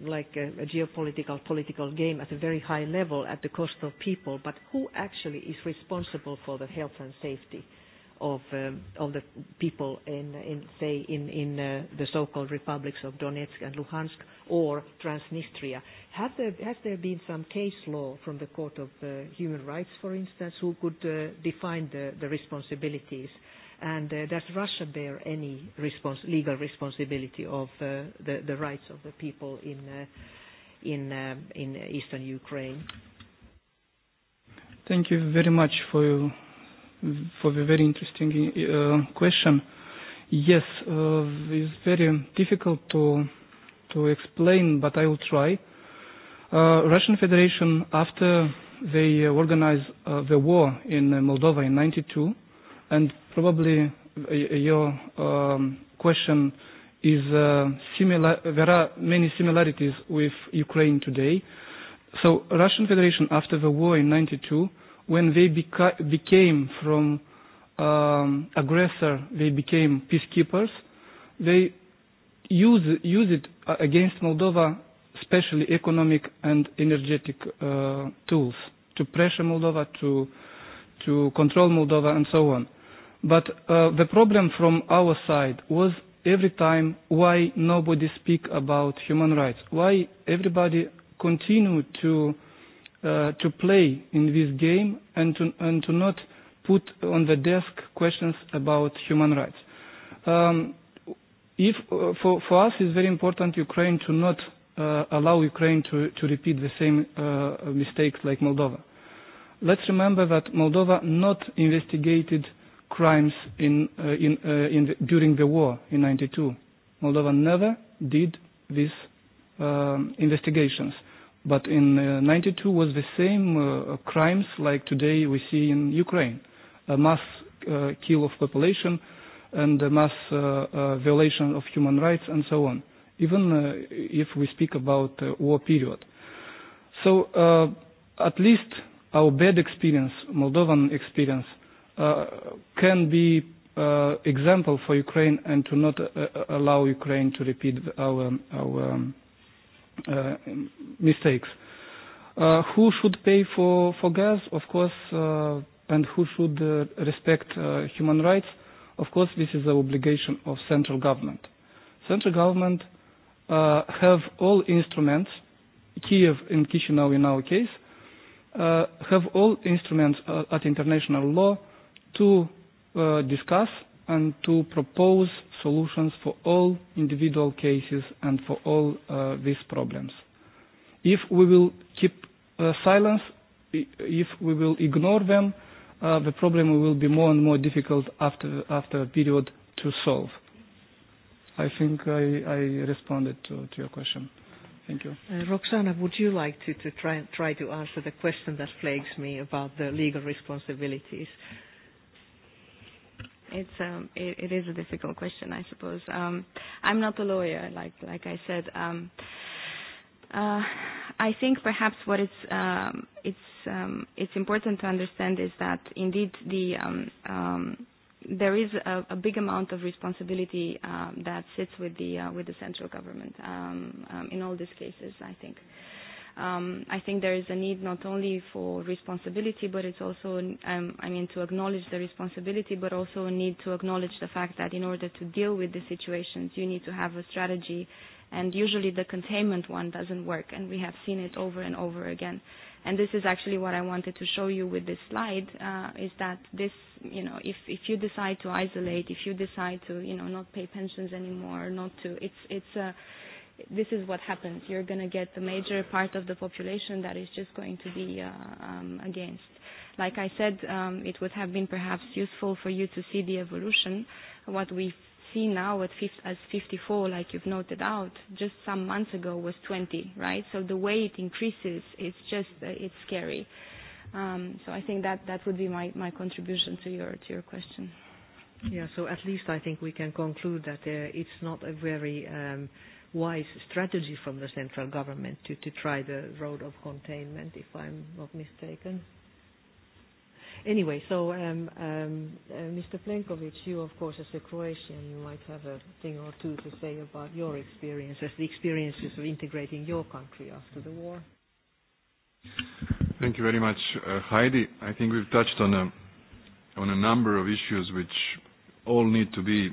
like a geopolitical political game at a very high level at the cost of people, but who actually is responsible for the health and safety of of the people in say in the so-called republics of Donetsk and Luhansk or Transnistria has there been some case law from the court of human rights for instance who could define the responsibilities and does Russia bear any legal responsibility of the rights of the people in in in eastern Ukraine Thank you very much for your for the very interesting question. Yes, it's very difficult to to explain, but I will try. Russian Federation, after they organized the war in Moldova in 92, and probably your question is similar. There are many similarities with Ukraine today. So Russian Federation, after the war in 92, when they became from um, aggressor, they became peacekeepers. They use, use it against Moldova, especially economic and energetic tools to pressure Moldova, to, to control Moldova and so on. But the problem from our side was every time why nobody speak about human rights, why everybody continue to to play in this game and to and to not put on the desk questions about human rights. Um, if for for us it's very important Ukraine to not allow Ukraine to to repeat the same mistakes like Moldova. Let's remember that Moldova not investigated crimes in in in during the war in 92. Moldova never did these investigations. But in 92 was the same crimes like today we see in Ukraine. A mass kill of population and a mass violation of human rights and so on. Even if we speak about war period. So at least our bad experience, Moldovan experience, can be example for Ukraine and to not allow Ukraine to repeat our our mistakes. Who should pay for for gas? Of course, and who should respect human rights? Of course, this is the obligation of central government. Central government have all instruments, Kiev and Chisinau in our case, have all instruments at international law to discuss and to propose solutions for all individual cases and for all these problems. If we will keep silence, if we will ignore them, the problem will be more and more difficult after after a period to solve. I think I, I responded to, to your question. Thank you. Roxana, would you like to, to try, try to answer the question that plagues me about the legal responsibilities? it's um, it, it is a difficult question, I suppose. Um, I'm not a lawyer, like like I said. Um, uh, I think perhaps what it's um, it's um, it's important to understand is that indeed the um, um, there is a, a big amount of responsibility um, that sits with the uh, with the central government um, um, in all these cases, I think um, I think there is a need not only for responsibility, but it's also, um, I mean, to acknowledge the responsibility, but also a need to acknowledge the fact that in order to deal with the situations, you need to have a strategy, and usually the containment one doesn't work, and we have seen it over and over again. And this is actually what I wanted to show you with this slide, uh, is that this, you know, if, if you decide to isolate, if you decide to, you know, not pay pensions anymore, not to, it's, it's a, this is what happens. You're going to get the major part of the population that is just going to be um, against. Like I said, um, it would have been perhaps useful for you to see the evolution. What we see now at as 54, like you've noted out, just some months ago was 20, right? So the way it increases, it's just, it's scary. Um, so I think that, that would be my, my contribution to your, to your question. Yeah, so at least I think we can conclude that it's not a very um, wise strategy from the central government to, to try the road of containment, if I'm not mistaken. Anyway, so um, um, Mr. Plenkovic, you of course as a Croatian, you might have a thing or two to say about your experiences, the experiences of integrating your country after the war. Thank you very much, Heidi. I think we've touched on a, on a number of issues which all need to be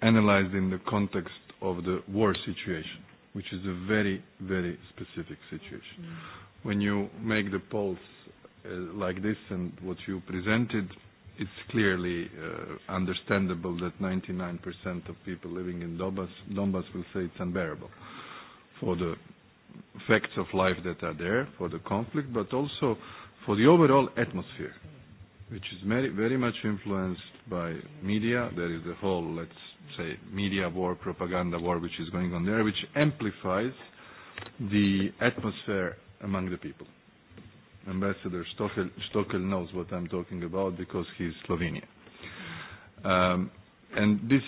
analyzed in the context of the war situation, which is a very, very specific situation. When you make the polls like this and what you presented, it's clearly understandable that 99% of people living in Donbass, Donbass will say it's unbearable for the facts of life that are there, for the conflict, but also for the overall atmosphere which is very, very much influenced by media. There is a whole, let's say, media war, propaganda war, which is going on there, which amplifies the atmosphere among the people. Ambassador Stokel, Stokel knows what I'm talking about because he's Slovenian. Um, and this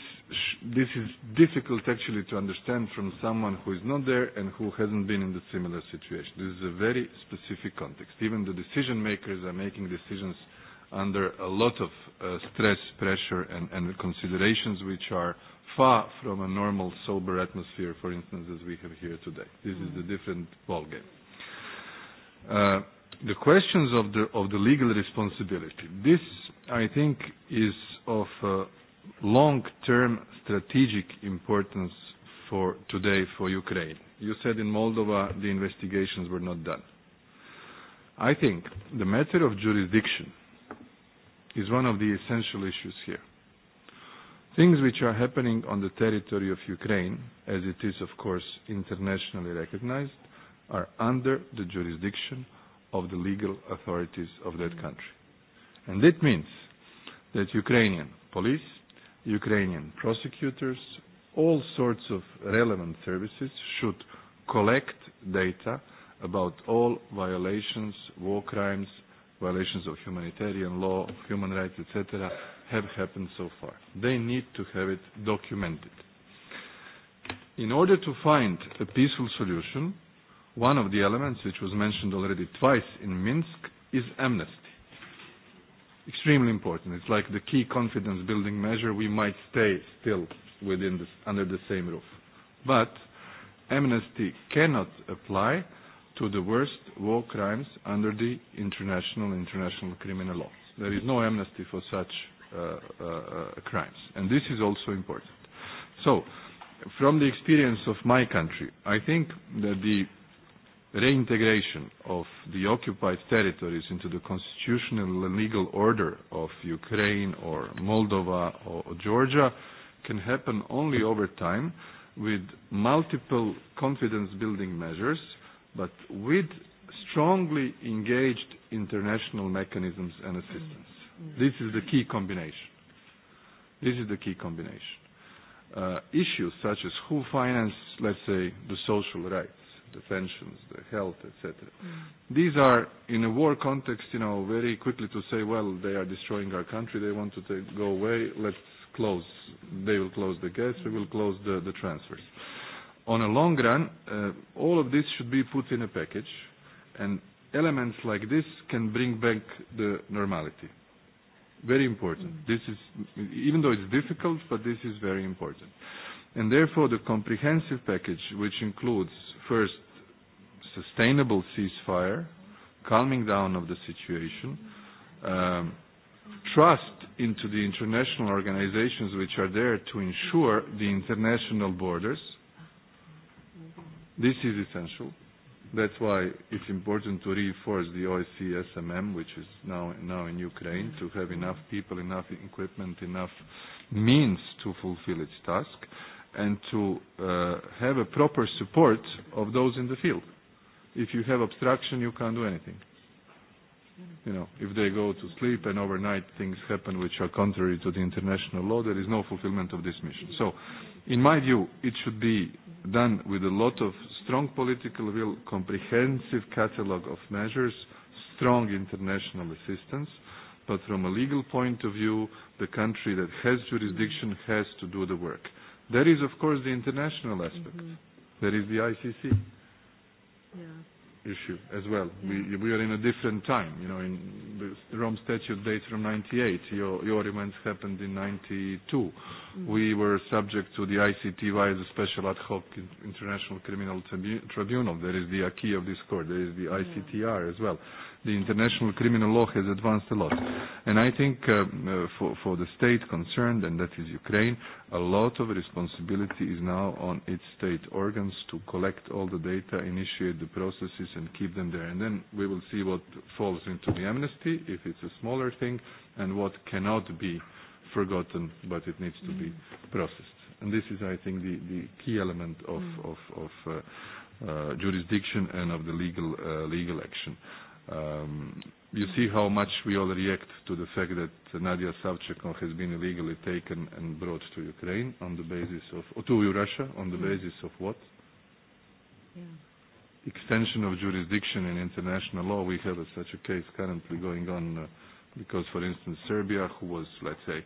this is difficult actually to understand from someone who is not there and who hasn't been in the similar situation. This is a very specific context. Even the decision makers are making decisions under a lot of stress, pressure, and considerations which are far from a normal sober atmosphere, for instance, as we have here today. This is a different ballgame. The questions of the of the legal responsibility. This, I think, is of long-term strategic importance for today for Ukraine. You said in Moldova the investigations were not done. I think the matter of jurisdiction is one of the essential issues here. Things which are happening on the territory of Ukraine, as it is of course internationally recognized, are under the jurisdiction of the legal authorities of that country. And that means that Ukrainian police, Ukrainian prosecutors, all sorts of relevant services should collect data about all violations, war crimes violations of humanitarian law, of human rights, etc., have happened so far. They need to have it documented. In order to find a peaceful solution, one of the elements which was mentioned already twice in Minsk is amnesty. Extremely important. It's like the key confidence building measure. We might stay still within this, under the same roof. But amnesty cannot apply to the worst war crimes under the international international criminal law. There is no amnesty for such crimes, and this is also important. So, from the experience of my country, I think that the reintegration of the occupied territories into the constitutional and legal order of Ukraine or Moldova or Georgia can happen only over time with multiple confidence building measures but with strongly engaged international mechanisms and assistance. This is the key combination. This is the key combination. issues such as who finance, let's say, the social rights, the pensions, the health, etc. These are, in a war context, you know, very quickly to say, well, they are destroying our country, they want to go away, let's close. They will close the gates, we will close the, the transfers on a long run, all of this should be put in a package, and elements like this can bring back the normality. Very important. This is, even though it's difficult, but this is very important. And therefore, the comprehensive package, which includes first sustainable ceasefire, calming down of the situation, trust into the international organizations which are there to ensure the international borders, This is essential. That's why it's important to reinforce the OSCE SMM, which is now now in Ukraine, to have enough people, enough equipment, enough means to fulfill its task, and to have a proper support of those in the field. If you have obstruction, you can't do anything. You know, if they go to sleep and overnight things happen which are contrary to the international law, there is no fulfillment of this mission. So In my view, it should be done with a lot of strong political will, comprehensive catalogue of measures, strong international assistance, but from a legal point of view, the country that has jurisdiction has to do the work. There is, of course, the international aspect. There is the ICC. Yeah issue as well. We, we are in a different time. You know, in the Rome Statute dates from 98. Your, your events happened in 92. We were subject to the ICTY the special ad hoc international criminal tribunal. There is the acquis of this court. There is the ICTR as well the international criminal law has advanced a lot. And I think for, for the state concerned, and that is Ukraine, a lot of responsibility is now on its state organs to collect all the data, initiate the processes, and keep them there. And then we will see what falls into the amnesty, if it's a smaller thing, and what cannot be forgotten, but it needs to be processed. And this is, I think, the, the key element of, of, of jurisdiction and of the legal, legal action. Um You see how much we all react to the fact that Nadia Savchenko has been illegally taken and brought to Ukraine on the basis of, or to Russia on the basis of what? Extension of jurisdiction in international law. We have such a case currently going on because, for instance, Serbia, who was, let's say,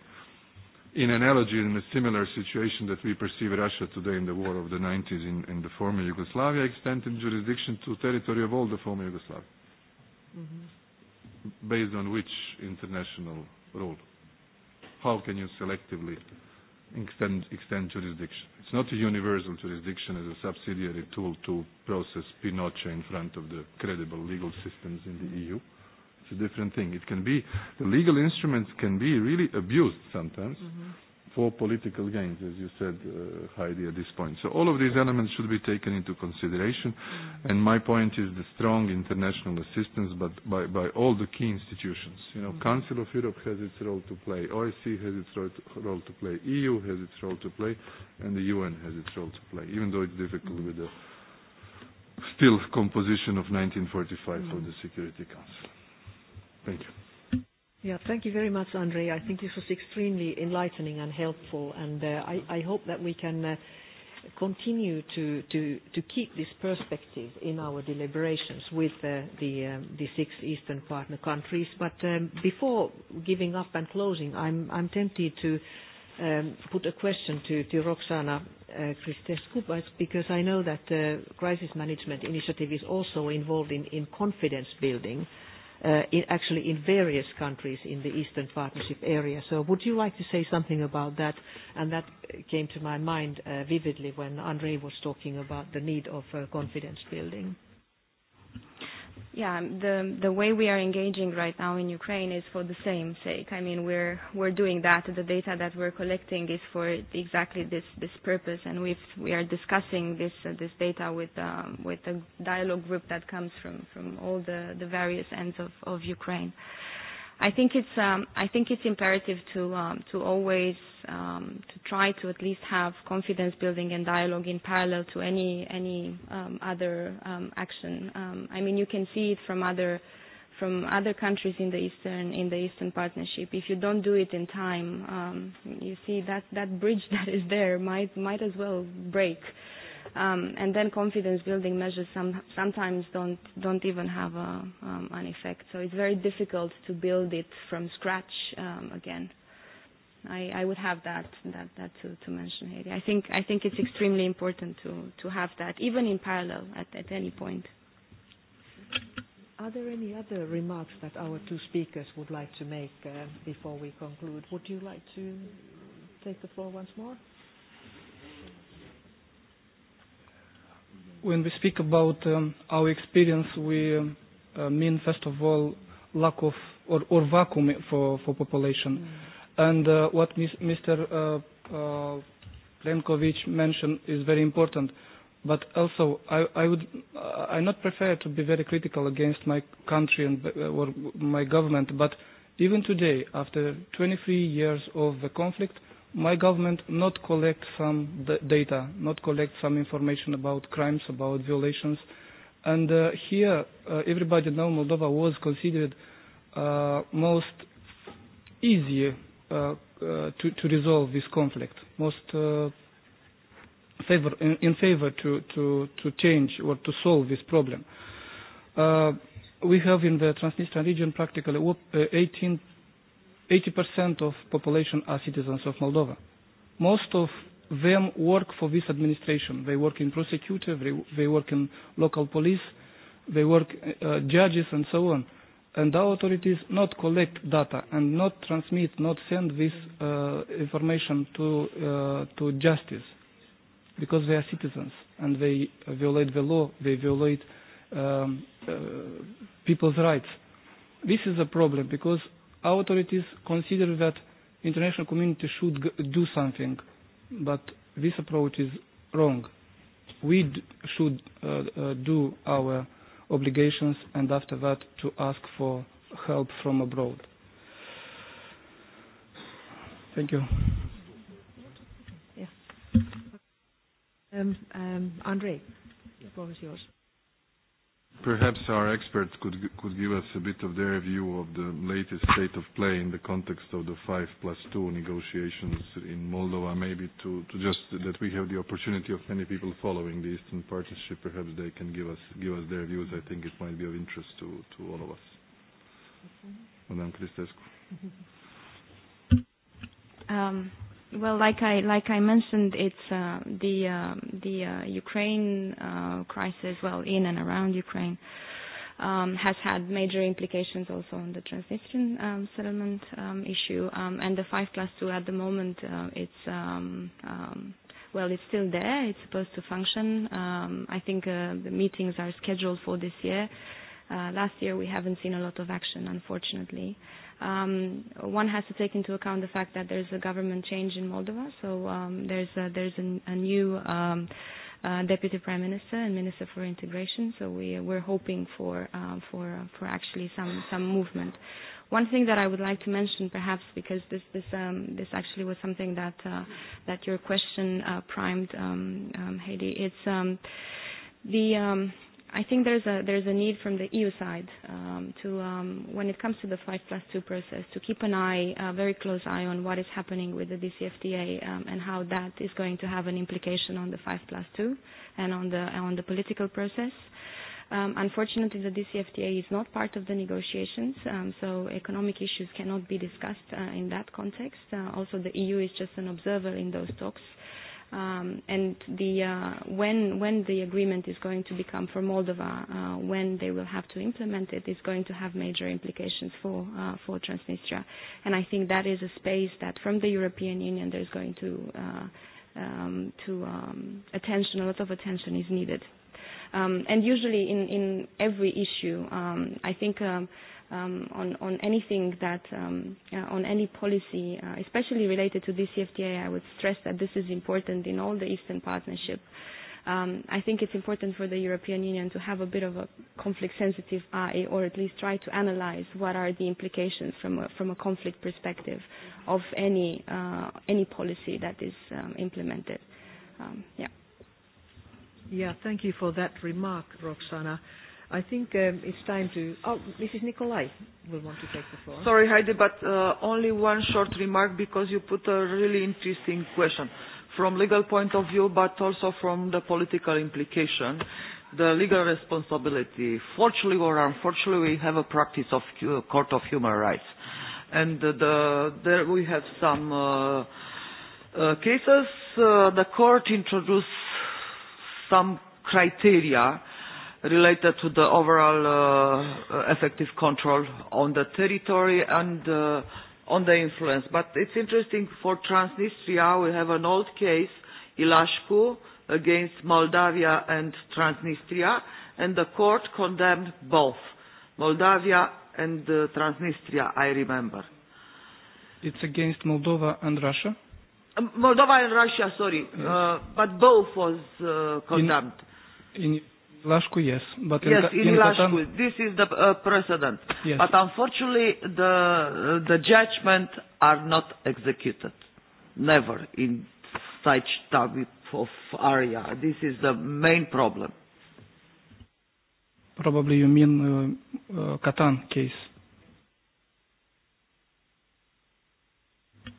in analogy in a similar situation that we perceive Russia today in the war of the 90s in, in the former Yugoslavia, extended jurisdiction to territory of all the former Yugoslavia. Based on which international rule? How can you selectively extend, extend jurisdiction? It's not a universal jurisdiction as a subsidiary tool to process Pinochet in front of the credible legal systems in the EU. It's a different thing. It can be, the legal instruments can be really abused sometimes for political gains, as you said, Heidi, at this point. So all of these elements should be taken into consideration, and my point is the strong international assistance but by, by all the key institutions. You know, Council of Europe has its role to play, OSCE has its role to play, EU has its role to play, and the UN has its role to play, even though it's difficult with the still composition of 1945 for the Security Council. Thank you. Yeah, thank you very much, Andre. I think this was extremely enlightening and helpful, and I hope that we can continue to to to keep this perspective in our deliberations with the the six Eastern partner countries. But before giving up and closing, I'm I'm tempted to put a question to to Roxana Cristescu, because I know that the crisis management initiative is also involved in in confidence building actually in various countries in the Eastern Partnership area. So would you like to say something about that? And that came to my mind vividly when Andre was talking about the need of confidence building. Yeah, the the way we are engaging right now in Ukraine is for the same sake. I mean, we're we're doing that. The data that we're collecting is for exactly this this purpose, and we've we are discussing this uh, this data with um, with a dialogue group that comes from from all the the various ends of of Ukraine. I think it's um, I think it's imperative to um, to always um, to try to at least have confidence building and dialogue in parallel to any any um, other um, action. Um, I mean, you can see it from other from other countries in the eastern in the eastern partnership. If you don't do it in time, um, you see that that bridge that is there might might as well break um, and then confidence building measures some, sometimes don't don't even have a, um, an effect. So it's very difficult to build it from scratch um, again. I, I would have that that that to, to mention here. I think I think it's extremely important to to have that even in parallel at, at any point. Are there any other remarks that our two speakers would like to make before we conclude? Would you like to take the floor once more? When we speak about our experience, we mean first of all lack of or, or vacuum for, for population. And what Mr. Plenkovic mentioned is very important. But also, I, I would, I not prefer to be very critical against my country and or my government. But even today, after 23 years of the conflict, my government not collect some data, not collect some information about crimes, about violations. And here, everybody know Moldova was considered most easy to to resolve this conflict, most favor in favor to to to change or to solve this problem. We have in the Transnistrian region practically 18 80% of population are citizens of Moldova. Most of them work for this administration. They work in prosecutor, they work in local police, they work judges and so on. And our authorities not collect data and not transmit, not send this information to to justice, because they are citizens and they violate the law, they violate people's rights. This is a problem because authorities consider that international community should do something, but this approach is wrong. We should do our obligations and after that to ask for help from abroad. Thank you. Um, um, Andre, the floor is yours. Perhaps our experts could could give us a bit of their view of the latest state of play in the context of the five plus two negotiations in Moldova, maybe to, to just that we have the opportunity of many people following the Eastern Partnership. Perhaps they can give us give us their views. I think it might be of interest to, to all of us. Madame Cristescu. Um, Well, like I like I mentioned, it's uh, the uh, the uh, Ukraine uh, crisis, well, in and around Ukraine, um, has had major implications also on the Transnistrian um, settlement um, issue, um, and the five plus two at the moment, uh, it's um, um, well, it's still there. It's supposed to function. Um, I think uh, the meetings are scheduled for this year. Last year we haven't seen a lot of action, unfortunately. One has to take into account the fact that there's a government change in Moldova, so there's there's a new deputy prime minister and minister for integration. So we we're hoping for for for actually some some movement. One thing that I would like to mention, perhaps because this this um this actually was something that that your question primed, um Heidi. It's um the um I think there's a there's a need from the EU side um, to um, when it comes to the 5 plus 2 process to keep an eye, a very close eye on what is happening with the DCFTA um, and how that is going to have an implication on the 5 plus 2 and on the on the political process. Um, unfortunately, the DCFTA is not part of the negotiations, um, so economic issues cannot be discussed uh, in that context. Uh, also, the EU is just an observer in those talks um, and the uh, when when the agreement is going to become for Moldova, uh, when they will have to implement it, is going to have major implications for uh, for Transnistria, and I think that is a space that from the European Union there is going to uh, um, to um, attention a lot of attention is needed, um, and usually in in every issue, um, I think. Um, um on on anything that um on any policy, especially related to DCFTA, I would stress that this is important in all the Eastern Partnership. Um I think it's important for the European Union to have a bit of a conflict-sensitive eye, or at least try to analyze what are the implications from a, from a conflict perspective of any any policy that is implemented. Um yeah. Yeah, thank you for that remark, Roxana. I think it's time to... Oh, Mrs. Nicolai will want to take the floor. Sorry, Heidi, but only one short remark because you put a really interesting question from legal point of view, but also from the political implication, the legal responsibility. Fortunately or unfortunately, we have a practice of Court of Human Rights. And the, there we have some cases. the court introduced some criteria related to the overall effective control on the territory and on the influence. But it's interesting for Transnistria, we have an old case, Ilashku, against Moldavia and Transnistria, and the court condemned both, Moldavia and Transnistria, I remember. It's against Moldova and Russia? Moldova and Russia, sorry, but both was condemned. In Lashku, yes. But yes, in, in this is the uh, precedent. But unfortunately, the, the judgment are not executed. Never in such type of area. This is the main problem. Probably you mean uh, uh, Katan case.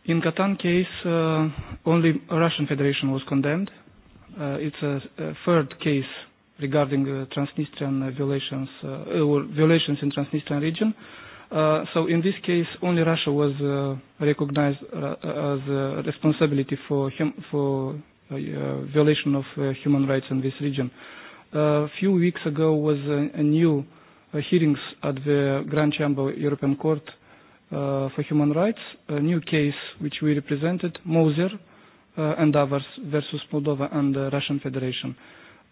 In Katan case, uh, only Russian Federation was condemned. Uh, it's a third case regarding Transnistrian violations violations in Transnistrian region. So in this case, only Russia was recognized as responsibility for for violation of human rights in this region. A few weeks ago was a new hearings at the Grand Chamber European Court for Human Rights, a new case which we represented, Moser and others versus Moldova and the Russian Federation.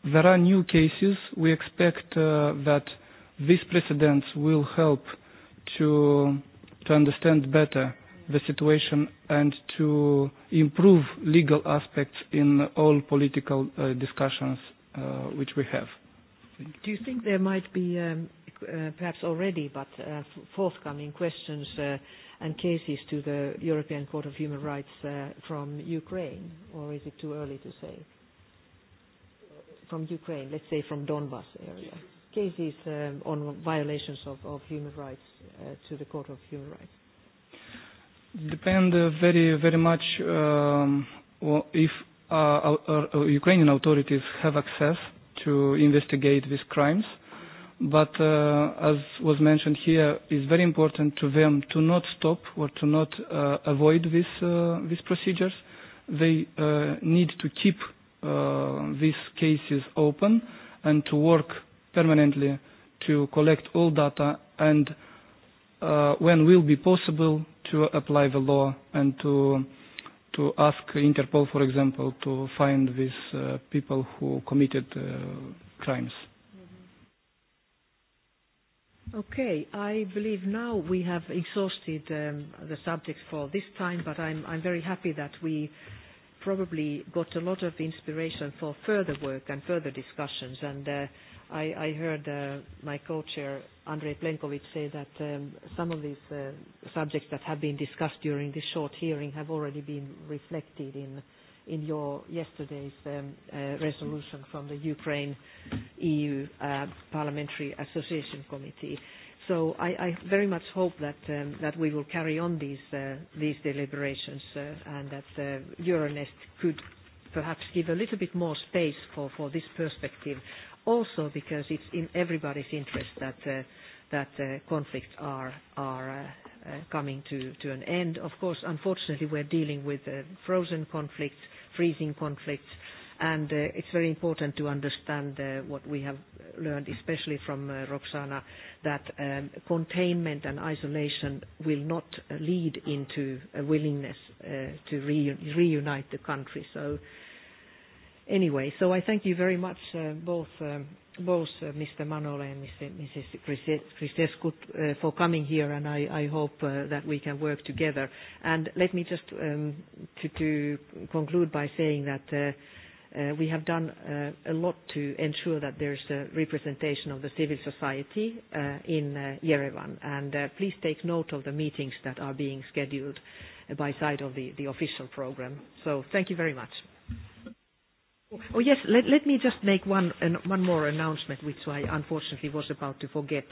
There are new cases. We expect that these precedents will help to to understand better the situation and to improve legal aspects in all political discussions which we have. Do you think there might be perhaps already but forthcoming questions and cases to the European Court of Human Rights from Ukraine or is it too early to say? from Ukraine, let's say from Donbas area. Cases on violations of of human rights to the Court of Human Rights. Depend very very much if uh Ukrainian authorities have access to investigate these crimes. But as was mentioned here, it's very important to them to not stop or to not avoid these these procedures. They need to keep these cases open and to work permanently to collect all data and when will be possible to apply the law and to to ask Interpol, for example, to find these people who committed crimes. Okay, I believe now we have exhausted the subject for this time, but I'm I'm very happy that we probably got a lot of inspiration for further work and further discussions. And I, I heard my co-chair Andrei Plenkovic say that some of these subjects that have been discussed during this short hearing have already been reflected in in your yesterday's resolution from the Ukraine EU Parliamentary Association Committee. So I very much hope that we will carry on these deliberations and that Euronest could perhaps give a little bit more space for this perspective, also because it's in everybody's interest that that conflicts are are coming to to an end. Of course, unfortunately, we're dealing with frozen conflicts, freezing conflicts, and it's very important to understand what we have learned, especially from Roxana, that containment and isolation will not lead into a willingness to reunite the country. So anyway, so I thank you very much both both Mr. Manola and Mrs. Christescu for coming here, and I hope that we can work together. And let me just to conclude by saying that We have done a lot to ensure that there's a representation of the civil society in Yerevan. And please take note of the meetings that are being scheduled by side of the official program. So thank you very much. Oh yes, let me just make one one more announcement, which I unfortunately was about to forget.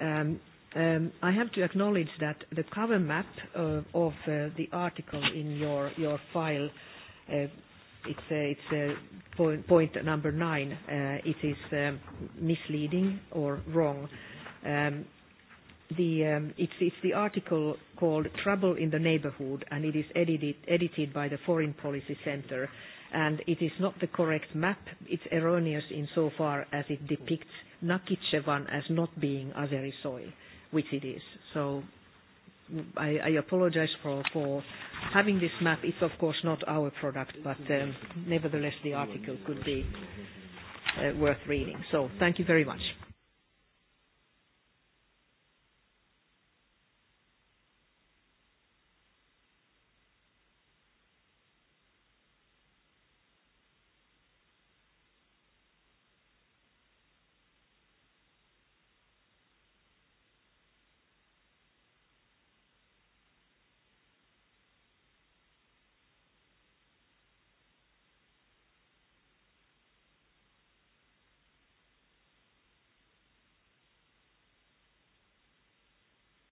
I have to acknowledge that the cover map of the article in your your file it's it's point number nine. It is misleading or wrong. it's it's the article called Trouble in the Neighborhood, and it is edited edited by the Foreign Policy Center, and it is not the correct map. It's erroneous insofar as it depicts Nakhichevan as not being Azeri soil, which it is. So I, I apologize for, for having this map. It's of course not our product, but nevertheless the article could be worth reading. So thank you very much.